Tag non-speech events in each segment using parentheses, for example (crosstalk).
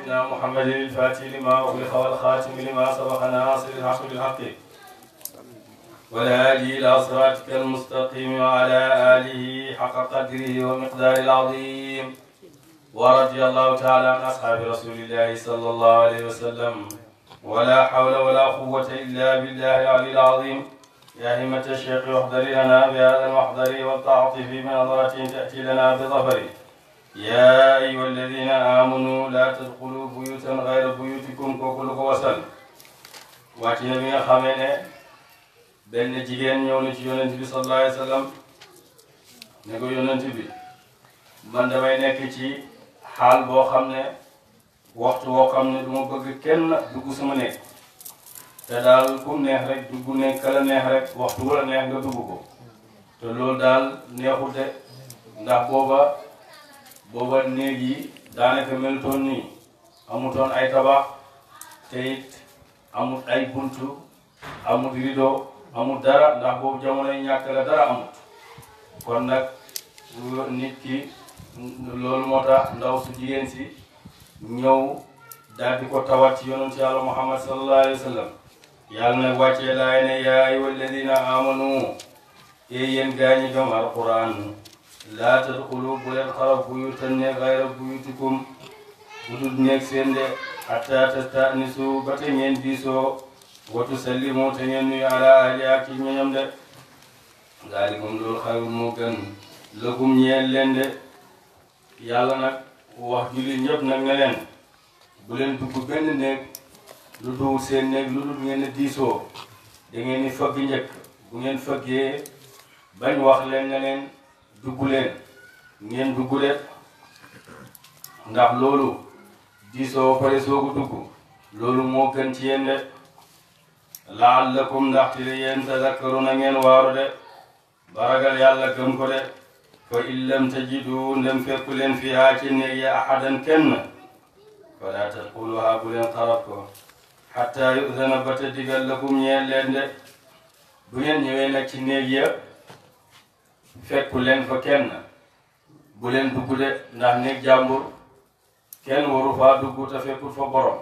سيدنا محمد الفاتح لما أغلق والخاتم لما سبق ناصر الحق بالحق والهادي إلى صراطك المستقيم وعلى آله حق قدره ومقدار العظيم ورضي الله تعالى عن أصحاب رسول الله صلى الله عليه وسلم ولا حول ولا قوة إلا بالله العلي العظيم يا همة الشيخ احضري لنا بهذا المحضر والتعاطف بنظرة تأتي لنا بظفره يا أيها الذين آمنوا لا تدخلوا بيوتا غير بيوتكم kooku lu ko wasal wàcc na bi nga xamee ne benn jigéen ñëw na ci yonent bi sallallahu alayhi wa ne ko yonent bi man damay nekk ci xaal boo xam ne waxtu woo xam ne du ma bëgg kenn dugg sama nekk te daal ku neex rek dugg nekk kala neex rek waxtu wala neex nga dugg ko te loolu daal neexute ndax booba booba néeg yi daanaka melutoon nii amutoon ay tabax te amut ay buntu amut rideau amut dara ndax boobu jamono yi ñàkk dara amut kon nag nit ki loolu moo tax ndaw su jigéen si ñëw daal di ko tawat ci yonent yàlla muhammad sallallahu alayhi wa sallam yàlla nag wàccee laay ne yaa amanu yéen gaa ñi gëm alquran laa tadxulu bu leen xaraw buyutan ne gayra buyutikum bu dul néeg seen de hatta tastanisu ba te ngeen diisoo wa tusallimu te ngeen nuyu ala ahli ak ci ñoñam de daalikum loolu xayrun mu gën lakum ñeel leen de yàlla nag wax jullit ñëpp na ne bu leen dugg benn néeg lu duwul seen néeg lu dul ngeen a diisoo da ngeen di fëgg njëkk bu ngeen fëggee bañ wax leen ne leen dugg leen ngeen dugg de ndax loolu diisoo pare soogu dugg loolu moo gën ci yéen de laallakum ndax ci yéen tadakkaruna ngeen waaru de baragal yàlla gëm ko de fa in lam tajidu ndem fekk leen fi haa ci néeg ya ahadan kenn fala tadxuluha bu leen xarab ko xatta yudana ba ta digal lakum ñeen leen de bu ngeen ñëwee nag ci néeg ya fekku leen ko kenn bu leen dugg de ndax néeg jàmbur kenn waru faa dugg te fekkul fa borom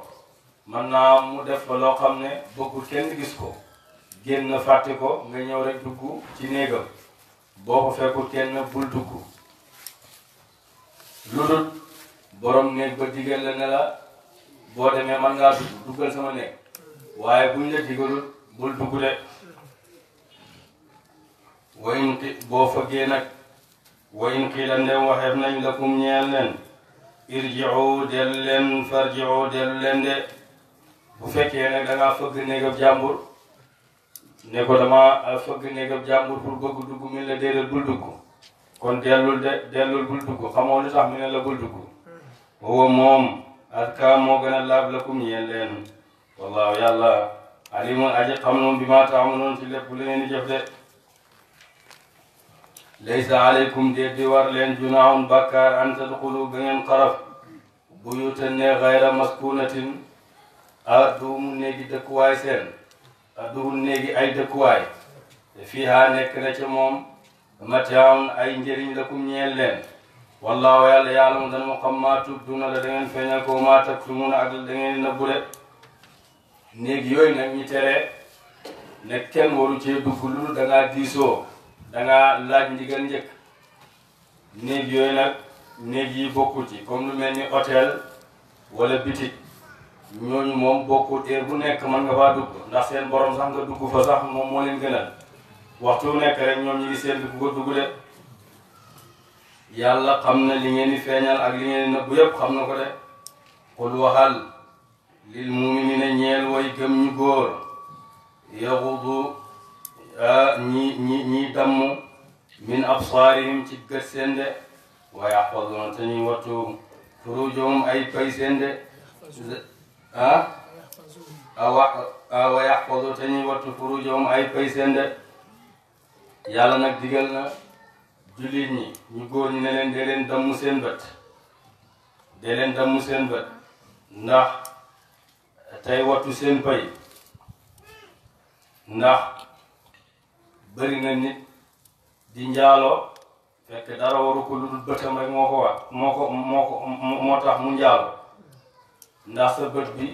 man naa mu def ba loo xam ne bëggul kenn gis ko génn fàtte ko nga ñëw rek dugg ci néegam boo ko fekkul kenn bul dugg lu dul borom néeg ba digal la ne la boo demee man ngaa dugg duggal sama néeg waaye buñ la digalul bul dugg de wayin xi boo fëggee nag wayin xii la ndem waxeef nañ la kum ñeel leen irjiu del leen farjiu leen de bu fekkee nag da ngaa fëgg néegab jàmbur ne ko a ah, fëgg néegab jàmbur pour bëgg dugg min la déedéet bul dugg kon dellul de dellul bul dugg xamoo lu tax mi ne la bul dugg woo moom aska moo gën a laab la kum ñeel leen wallaahu yàlla alimun aji xam noon bi maa taamaluun ci lépp lu ngeen di jëf de laysa aleykum déet di war leen junaahun bàkkaar an tadxulu ba ngeen xaraf buyutan ne maskunatin a duumu néegi dëkkuwaay seen a duumu néegi ay dëkkuwaay te fiihaa nekk na ca moom matiaun ay njëriñ lakum ñeel leen wallaahu yàlla yaalam dana mu xam maa tubduna da ngeen feeñal ko maa taktumuna ak da ngeen nëbbule néegi yooyu nag ñu tere ne waru cee dugg dangaa diisoo dangaa laaj ndigal njëkk néeg yooyu nag néeg yi bokku ci comme lu mel ni hôtel wala bitik ñooñu moom bokkut heure bu nekk mën nga faa dugg ndax seen borom sax nga dugg fa sax moom moo leen gënal waxtu nekk rek ñoom ñi ngi seen ku ko dugg de yàlla xam na li ngeen di feeñal ak li ngeen di nëbbu yépp xam na ko de qul waxal lil muminina ñeel way gëm ñu góor yaxudu ñi ñi ñi damm min absaarihim ci gët seen de waaye axfaduuna te ñuy wattu furujahum ay pay seen de ah wa yaxfadu te ñuy wattu furujahum ay pay seen de yàlla nag digal na jullit ñi ñu góor ñi ne leen dee leen damm seen bët dee leen damm seen bët ndax tey wattu seen pay ndax bëri na nit di njaaloo fekk dara waru ko lu dul bëtam moo ko wax moo ko moo ko moo tax mu njaaloo ndax sa bët bi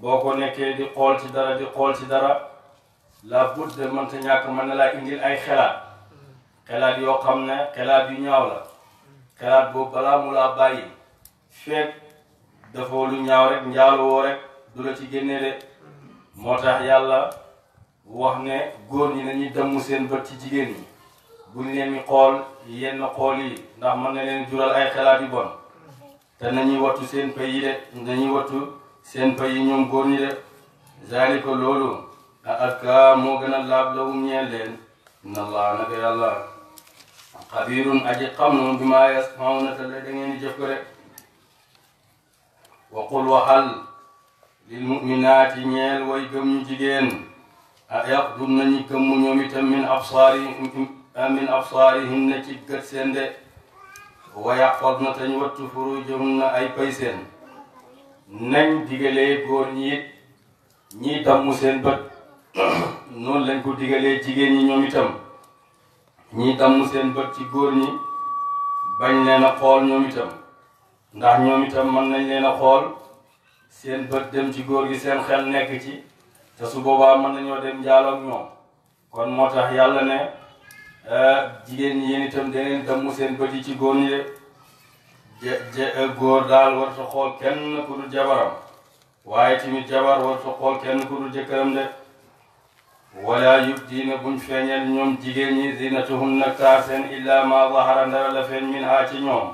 boo ko nekkee di xool ci dara di xool ci dara la budde mënta ñàkk mën na laa indil ay xelaat xelaat yoo xam ne xelaat yu ñaaw la xelaat boobu balaa mu laa bàyyi fekk dafa lu ñaaw rek njaaloo rek du la ci génne de moo tax yàlla wax ne góor ñi dañuy dëmm seen bët ci jigéen ñi buñ leen di xool yenn xool yi ndax mën ne leen jural ay xalaat bon te nañuy wattu seen pay de nañuy wattu seen pay yi ñoom góor ñi de zalika loolu azkaa moo gën a laab lahum ñeel leen inna allah naka yàlla xabiirun aji xam noonu bi maa yasmauna te da ngeen di jëf ko rek wa qul waxal lil muminaati ñeel way jigéen yaqdum nañu gëmm ñoom itam min absaarihim min absaarihim na ci gët seen de wa yaxfadna tañ wattu na ay pay seen nañ digalee góor ñi it ñii tàmm seen bët noonu lañ ko digalee jigéen ñi ñoom itam ñii tàmm seen bët ci góor ñi bañ leen a xool ñoom itam ndax ñoom itam mën nañ leen a xool seen bët dem ci góor gi seen xel nekk ci te su boobaa mën nañoo dem njaaloog ñoom kon moo tax yàlla ne eh, jigéen ñi yéen itam deneen damm seen bët ci góor ñi je eh, góor daal war xool kenn ku dul jabaram waaye tamit jabar war sa xool kenn ku dul jëkkëram de wala yubdiina buñ feeñal ñoom jigéen ñi zinatuhunna kaar seen illa ma zahara ndara la feeñ min haa ci ñoom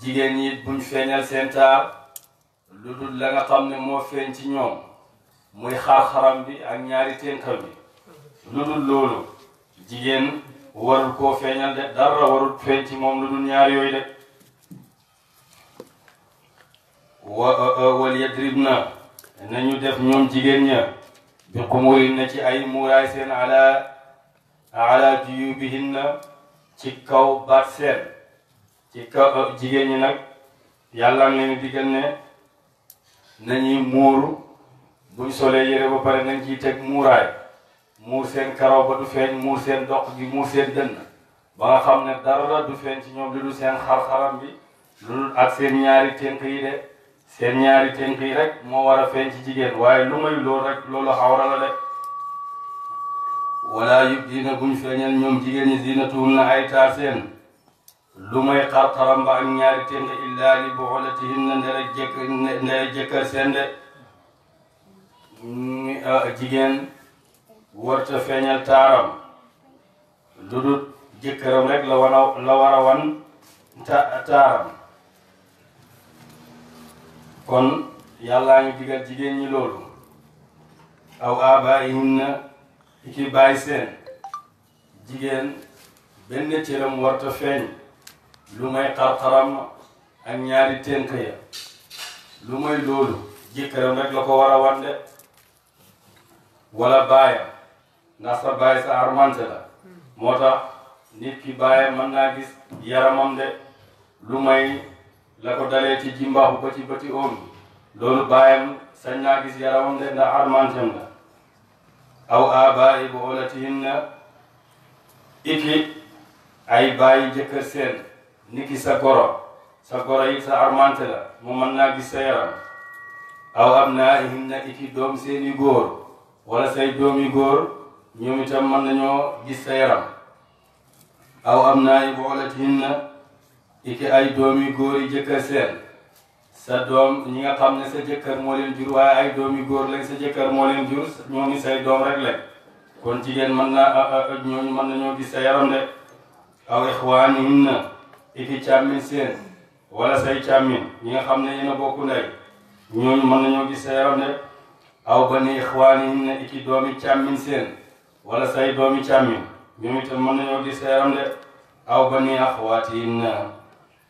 jigéen ñi buñ feeñal seen taar lu dul la nga xam ne moo feeñ ci ñoom muy xaaxaram bi ak ñaari ténkal bi lu dul loolu jigéen warul koo feeñal de dara warul feeñ ci moom lu dul ñaar yooyu de wa wal yadribna nañu def ñoom jigéen ña bi xumurin na ci ay muuraay seen ala ala juyubihinna ci kaw baat seen ci kaw jigéen ñi nag yàlla am leen digal ne nañuy muuru buñ solee yére ba pare nañ ciy teg muuraay muur seen karaw ba du feeñ muur seen doq gi muur seen dënn ba nga xam ne dara du feeñ ci ñoom lu dul seen xar-xaram bi lu dul ak seen ñaari tënk yi de seen rek moo war a feeñ ci jigéen waaye lu may loolu rek loolu xawra la de wala yubdiina buñ feeñal ñoom jigéen ñi zinatuhunna ay taar seen lu may xar-xaram ba ak ñaari tënk illaa li buxulatihinna ndere jëkk ndere jëkkër seen de jigéen warta feeñal taaram lu dul jëkkëram rek la war wan ta taaram kon yàllaa ngi digal jigéen ñi loolu aw abaayihinna iki bàyyi seen jigéen benn cëram warta feeñ lu may xarxaram ak ñaari tënk ya lu may loolu jëkkëram rek la ko war wan de wala baayam ndax sa baay sa armante la moo tax nit ki baayam mën naa gis yaramam de lu may la ko dalee ci jimbaaxu ba ci bëti oom loolu baayam sañ naa gis yaramam de ndax armantem la aw aabaa'i bu'ulatihinna iki ay bàyyi jëkkër seen niki sa goro sa goro it sa armante la mu mën naa gis sa yaram aw abnaa'ihinna iki doom seeni góor wala say doom yu góor ñoom itam mën nañoo gis sa yaram aw am naay boolatihinna iki ay doom yu góor yi jëkkër seen sa doom ñi nga xam ne sa jëkkër moo leen jur waaye ay doom yu góor lañ sa jëkkër moo leen jur ñoo ngi say doom rek lañ kon jigéen mën naa ah, ah, ah, ñooñu mën nañoo gis sa yaram de aw ixwaanihinna iki càmmin seen wala say càmmin ñi nga xam ne yéen a bokku ndey ñooñu mën nañoo gis sa yaram de aw ba ni ixwaanihin ne iki doomi càmmin seen wala say doomi càmmin ñoom itam mën nañoo di seeram de aw ba ni axwaatihin na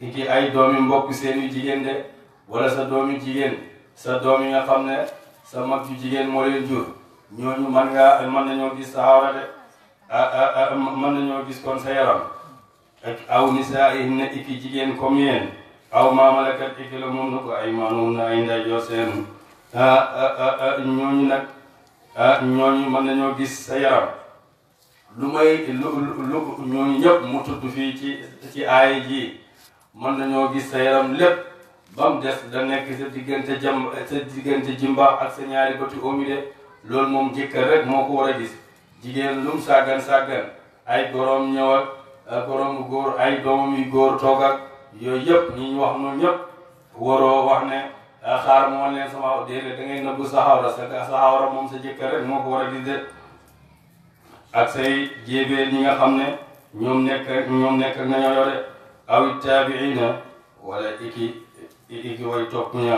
iki ay doomi mbokk seen yu jigéen de wala sa doomi jigéen sa doom yi nga xam ne sa mag yu jigéen moo leen jur ñooñu mën ngaa mën nañoo gis saawara de mën nañoo gis kon sa yaram ak aw nisaa'ihin ne iki jigéen comme yéen aw maamalakat iki la moom na ko ay maanoon na ay ndeyjoor seen Ah, ah, ah, ñooñu nag ñooñu mën nañoo gis sa yaram lu may lu lu ñooñu ñëpp mu tudd fii ci ci aay ji mën nañoo gis sa yaram lépp ba des da nekk sa diggante jam sa diggante jimba ak sa ñaari bëti omi de loolu moom jëkkër rek moo ko war a gis jigéen lum sàggan sàggan ay goroom ñëw ak góor ay doomam yu góor toog yooyu yëpp ñi wax noonu ñëpp waroo wax ne xaar moom woon leen sama aw déedéet da ngay nëbbu sa xawra sa xawra moom sa jëkkër rek moo ko war a de ak say jéebee ñi nga xam ne ñoom nekk ñoom nekk nañoo yore aw taabiina walla iki iki way topp ña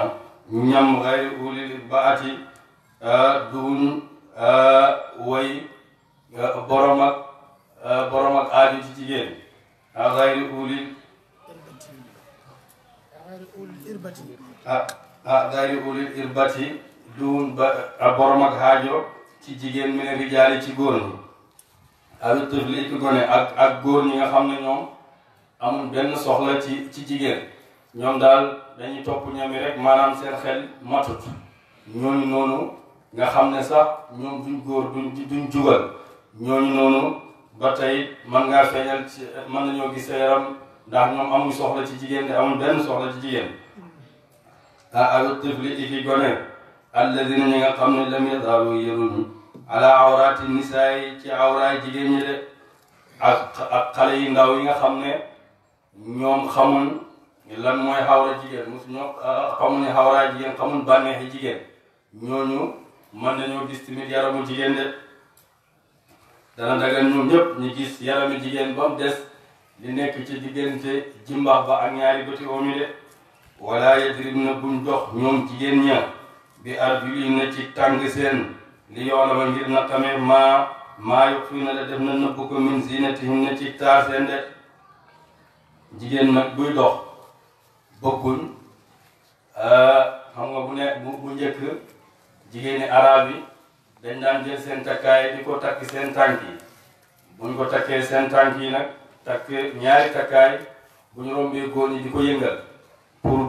ñam xay uli baati duñ way borom ak borom ak aaju ci jigéen xay uli ah ah daari ulil irbati duun ba borom ak haajo ci jigéen mi ne rijaali ci góor ñi awi ak ak góor ñi nga xam ne ñoom amul benn soxla ci ci jigéen ñoom daal dañuy topp ñami rek maanaam seen xel matut ñooñu noonu nga xam ne sax ñoom duñ góor duñ duñ jugal ñooñu noonu ba tey man ngaa feeñal ci mën nañoo gis sa yaram ndax ñoom amul soxla ci jigéen de amul benn soxla ci jigéen awi tifli di fi gone alladina ñi nga xam ne lam yazaaru awraati nisaay ci awraay jigéen ñi de ak ak yi ndaw yi nga xam ne ñoom xamuñ lan mooy xawra jigéen mosu ñoo xamuñ xawraay jigéen xamuñ bànneexi jigéen ñooñu mën nañoo gis tamit yaramu jigéen de dana dagan ñoom ñëpp ñu gis yaramu jigéen ba des li nekk ci diggante jimbax ba ak ñaari bëti oomi de wala yadribna buñ dox ñoom jigéen ña bi arjulihinna ci tàng seen li yoolama ngir na xamee maa maa yux fii na la def na nëbb ko min zinatihinna ci taar seen de jigéen nag buy dox bëgguñ euh, xam nga bu ne bu njëkk jigéeni arab yi dañ daan jël seen takkaay di ko takk seen tànk yi buñ ko takkee seen tànk yi nag takk ñaari takkaay buñ rombee góor ñi di ko yënga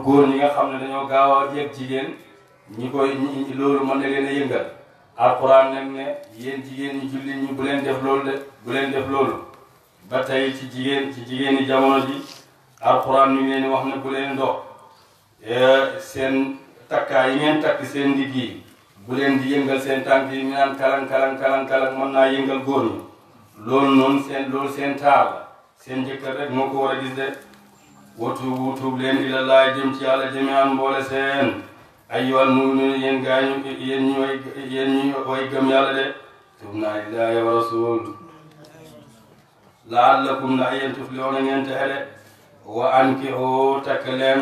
surtout góor ñi nga xam ne dañoo gaaw a yëg jigéen ñi koy loolu mën na leen a yëngal alquran nag ne yéen jigéen ñi julli ñi bu leen def loolu de bu leen def loolu ba ci jigéen ci jigéen ñi jamono ji alquran mi ngi leen wax ne bu leen dox eh, seen takkaay yi ngeen takk seen ndigg yi bu leen di yëngal seen tànk yi ñu naan kalang kalang kalang kalang mën naa yëngal góor ñi loolu noonu seen loolu seen taar seen jëkkër rek moo ko war a gis de watuubu tuub leen ila jëm ci yàlla jami'an mboole seen ayyuhal mu'minuuna yéen gaa ñu yéen ñu way yéen yàlla de tuub naa lillaahi wa rasul la'allakum la yéen tuflihuuna ngeen texe de wa ankihuu takk leen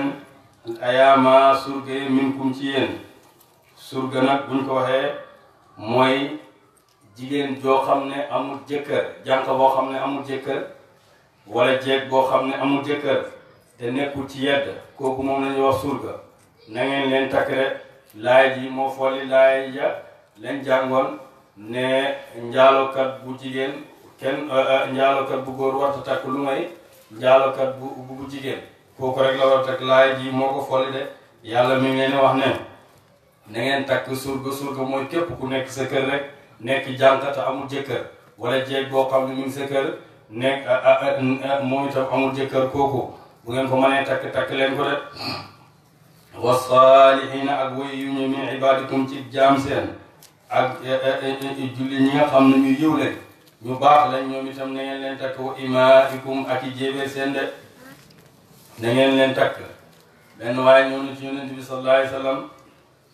ayaama surga minkum ci yéen surga nag buñ ko waxee moy jigéen joo xam ne amul jëkkër jànq boo xam ne amul jëkkër wala jeeg boo xam ne amul jëkkër te nekkul ci yedd kooku moom la ñuy wax surga na ngeen leen takk rek laay yi moo folli laay ja leen jàngoon ne njaalokat bu jigéen kenn euh, euh, njaalokat bu góor warta takk lu may njaalokat bu bu jigéen kooku rek la war takk laay ji moo ko folli de yàlla mi ngi leen wax ne na ngeen takk surga surga mooy képp ku nekk sa kër rek nekk jànq te jëkkër wala jeeg boo xam ne mi ngi sa nekk euh, moom itam amul jëkkër kooku bu ngeen ko mënee takk takk leen ko de wa saalihiina ak way yu ñu min ibaadikum ci jaam seen ak e, e, e, julli ñi xam ne ñu yiw leen ñu baax lañ ñoom itam na ngeen leen takk wa imaikum ak i jéebee seen de na ngeen leen takk benn waaye ñëw na ci yonent bi sallallahu alayhi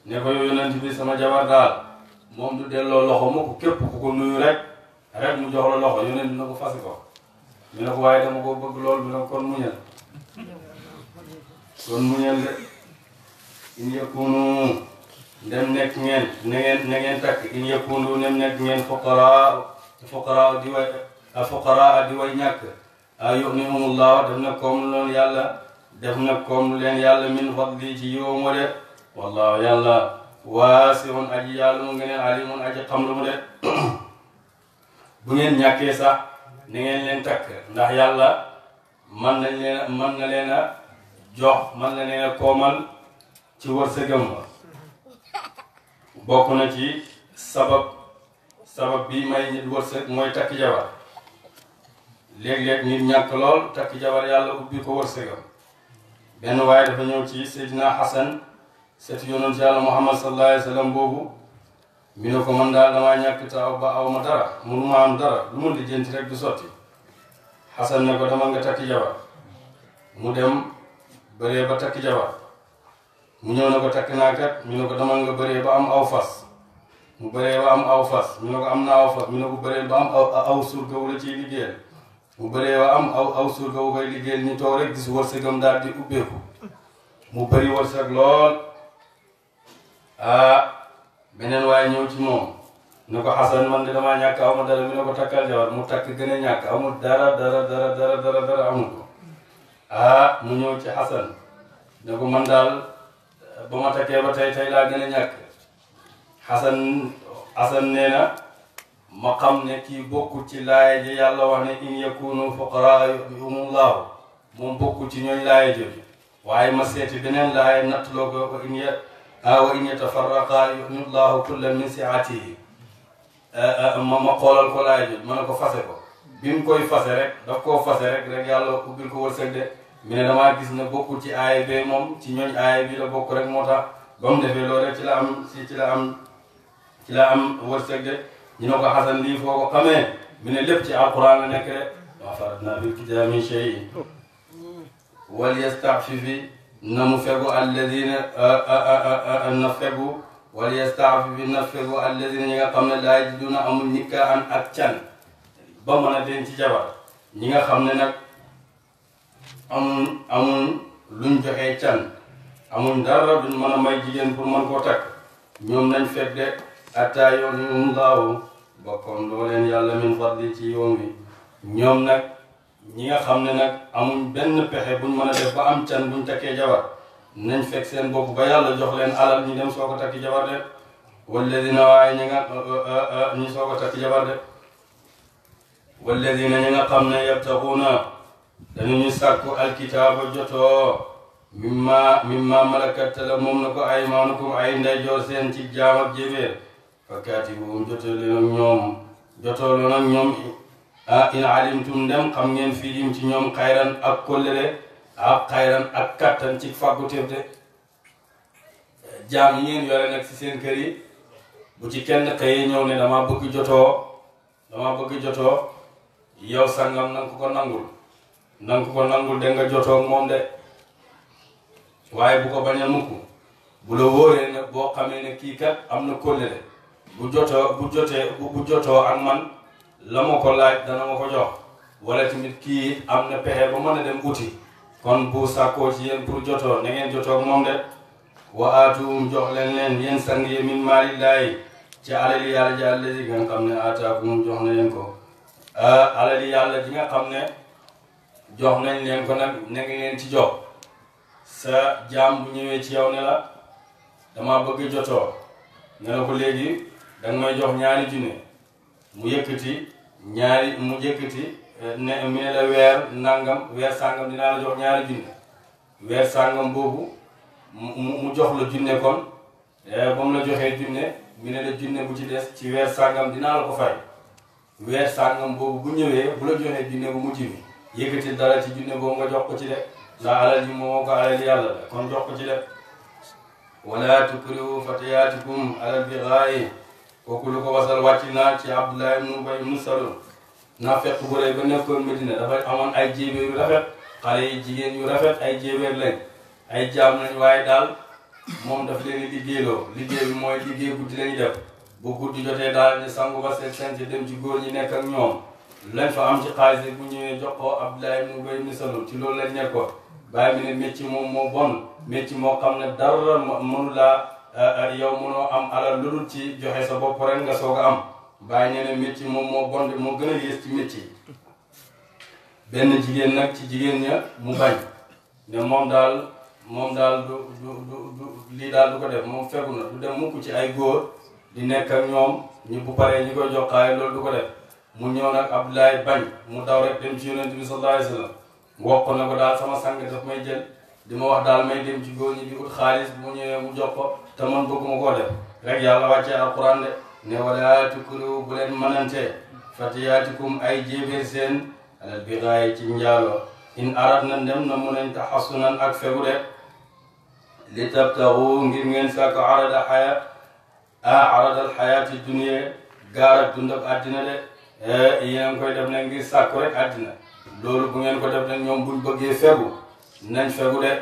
ne ko yow yonent sama jabar daal moom du delloo loxo mu ko képp ku ko nuyu rek rek mu jox la loxo yonent bi na ko fasi ko ñu ne waaye dama ko bëgg lool bi na kon muñal kon muñal de in yakunu ndem nekk ngeen na ngeen na ngeen takk in yakunu ndem nekk ngeen fuqaraa fuqaraa di way fuqaraa di way ñàkk a yugnihumullahu def na koom loon yàlla def na koom leen yàlla min fadli ci de wallahu yàlla waasiun aji yàlla mu ngeen alimun aji xam lu mu de bu ngeen ñàkkee sax na ngeen leen takk ndax yàlla man na leen jox man la nee koomal ci wërsëgam ma bokk na ci sabab sabab bi may nit wërsëg mooy takk jabar léeg-léeg nit ñàkk lool takk jabar yàlla ubbi ko wërsëgam benn waaye dafa ñëw ci Seydina Xasan seetu yonent yàlla Muhammad sallallahu alayhi boobu mi ne ko man daal damaa ñàkk taaw ba aw ma dara mënu ma am dara lu mu lijjanti rek du sotti Xasan ne ko dama nga takk jabar mu dem bëree ba takk jabar mu ñëw ne ko takk naa kat ñu ne ko demal nga bëree ba am aw fas mu bëree ba am aw fas ñu ne ko am na aw fas ñu ne ko am aw aw surga wu ba am aw aw surga wu koy liggéeyal ñu toog rek di ubbeeku mu bëri wërsëg lool ah beneen waaye ñëw ci moom ne ko Xasan man de damaa ñàkk aw ma dara mu ne ko takkal jabar mu takk gën a ñàkk amul dara dara dara dara dara amul ko ah mu ñëw ci Xasan ne daal ba ma takkee ba tey tey laa gën a ñàkk Xasan Xasan ma xam ne kii bokkul ci laaya ji yàlla wax ne in yakunu fuqaraa yuhumullahu moom bokkul ci ñooñ laaya jooju waaye ma seeti beneen laaya nattloo ko wa in ya ah, wa in yatafarraqa yuhnillahu kullan min siatihi eh, eh, ma ma xoolal ko laaya jooju ma ne ko fase ko bi mu koy fase rek daf koo fase rek rek yàlla ubbil ko wërsëg de mu ne damaa gis na bokkul ci aaya bee moom ci ñooñ aaya bi la bokk rek moo tax ba mu defee loolu rek ci la am ci la am ci la am de ñu ne ko xasan lii foo ko mu ne lépp ci alquran la nekk rek maa faratnaa fil kitaabi min shay'in wal yastafifi na mu fegu alladina na fegu wal yastafifi na fegu alladina ñi nga xam ne laa yajiduna amul nikaahan ak can ba mën a denc jabar ñi nga xam ne nag amuñ amuñ luñ joxee can amuñ dara duñ mën a may jigéen pour man koo takk ñoom nañ fekk de attaa yoon yi um laawu bokkoon yàlla min fadli ci yoon wi ñoom nag ñi nga xam ne nag amuñ benn pexe buñ mën a def ba am can buñ takkee jabar nañ fekk seen bopp ba yàlla jox leen alal ñi dem soo ko takki jabar de walladina waaye ñi nga euh, euh, euh, soo ko takki jabar de walladina ñi xam ne yabtaxuuna danañu sàkku alkitaaba jotoo mimma ma malakat la moom na ko ay ma ko ay ndeyjoor seen ci jaam ak jébéer fakkaati boobu jotoo leen ak ñoom jotoo leen ak ñoom ah in alimtum dem xam ngeen fiihim ci ñoom xayran ak kóllëre ak xayran ak kattan ci fàgguteef de jaam yi yore nag si seen kër yi bu ci kenn xëyee ñëw ne dama bëgg jotoo dama bëgg jotoo yow sangam nanga ko ko nangul nanga ko nangu de nga jotoog moom de waaye bu ko bañ a mukk bu la wóoree ne boo xamee ne kii kat am na kóllëre bu jotoo bu jotee bu jotoo ak man la ko laaj dana ma ko jox wala tamit kii am na pexe ba mën a dem uti kon bu sàkkoo ci yéen pour jotoo na ngeen moom de wa aatuum jox leen leen yéen sang yi min maalillaahi ci alali yàlla ji àlla ji nga xam ne aataakum jox na leen ko ah, alali yàlla ji nga xam ne jox nañ leen ko nag na ngi leen ci jox sa jaam bu ñëwee ci yow ne la dama bëgg jotoo nga ko léegi danga may jox ñaari junne mu yëkkati ñaari mu yëkkati eh, weer nangam dinaa la jox ñaari junne weer boobu mu mu jox la junne kon eh, ba mu la joxee junne mu ne la junne bu ci des ci weer sàngam dinaa la ko fay weer sàngam boobu bu ñëwee bu la joxee junne bu mujj bi yëkkati dara ci junne boobu nga jox ko ci de ndax alal ji moo ko alal yàlla la kon jox ko ci de wala tukrihu fatayaatikum alal bighaa'i kooku lu ko wasal wàcc naa ci Abdullah ibn Ubay ibn naa fekk bu rëy ba nekkoon Medina dafa amoon ay jébeer yu rafet xale yi jigéen yu rafet ay jébeer lañ ay jaam lañ waaye daal moom daf leen di liggéeyloo liggéey bi mooy liggéey guddi lañu def bu guddi jotee daal ñu sangu ba seen seen dem ci góor ñi nekk ak ñoom lañ fa am ci xaalis bu ñëwee jox ko Abdoulaye mu bay misalum ci loolu lañ nekkoon bàyyi mi ne métier moom moo bon métier moo xam ne dara mënu laa yow mënoo am alal lu dul ci joxe sa bopp ren nga soog a am bàyyi ñu ne moom moo bon moo gën a yées ci métier benn jigéen nag ci jigéen ña mu bañ ne moom daal moom daal du du du lii daal du ko def moom fegu na du dem mukk ci ay góor di nekk ak ñoom ñi bu paree ñu koy jox xaalis loolu du ko def. mu ñëw nag Abdoulaye bañ mu daw rek dem ci yonent na ko daal sama sang daf wax daal may dem ci góor ñi di ut xaalis bu mu ñëwee mu jox ko te man bëgguma koo def rek yàlla wàccee alquran de ne wala tukuru bu leen mënantee fatiyaatikum ay jéebéer seen alal ci njaaloo in arat na ndem na mu nañ taxasunan ak fegu de li tabtaxu ngir ngeen sàkko arada xaya ah aradal xayaati dunya gaar ak dund ak de Eh, yéen a ngi koy def nag ngir sàkku rek àddina loolu bu ngeen ko def nag ñoom buñ bëggee fegu nañ fegu de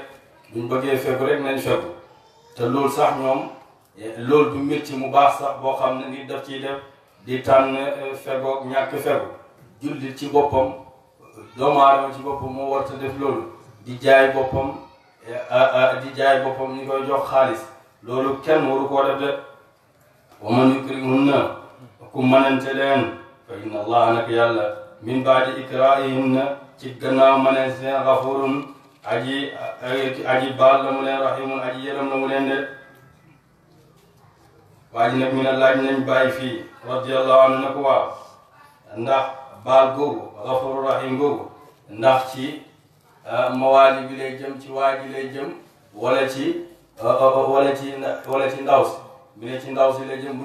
buñ bëggee fegu rek nañ fegu te loolu sax ñoom eh, loolu du métti mu baax sax boo xam ne nit daf ci def di tànn eh, fegoog ñàkk fegu jullit ci boppam doomu aadama ci boppam moo war def loolu di jaay boppam di jaay boppam ñu koy jox xaalis loolu kenn waru koo def de wa man yukrimhunna ku mënante leen fa inna allah nak yàlla min baadi ikraihinna ci gannaaw ma ne seen gafurun aji aji baal la mu leen rahimun aji yërëm la mu leen de waa ji mi ne laaj nañ bàyyi fii radiallahu anhu na ko waaw ndax baal googu gafuru rahim googu ndax ci ah, mawaali bi lay ci waa ji lay jëm wala ci wala ci wala ci ndaw si mi ne ci ndaw si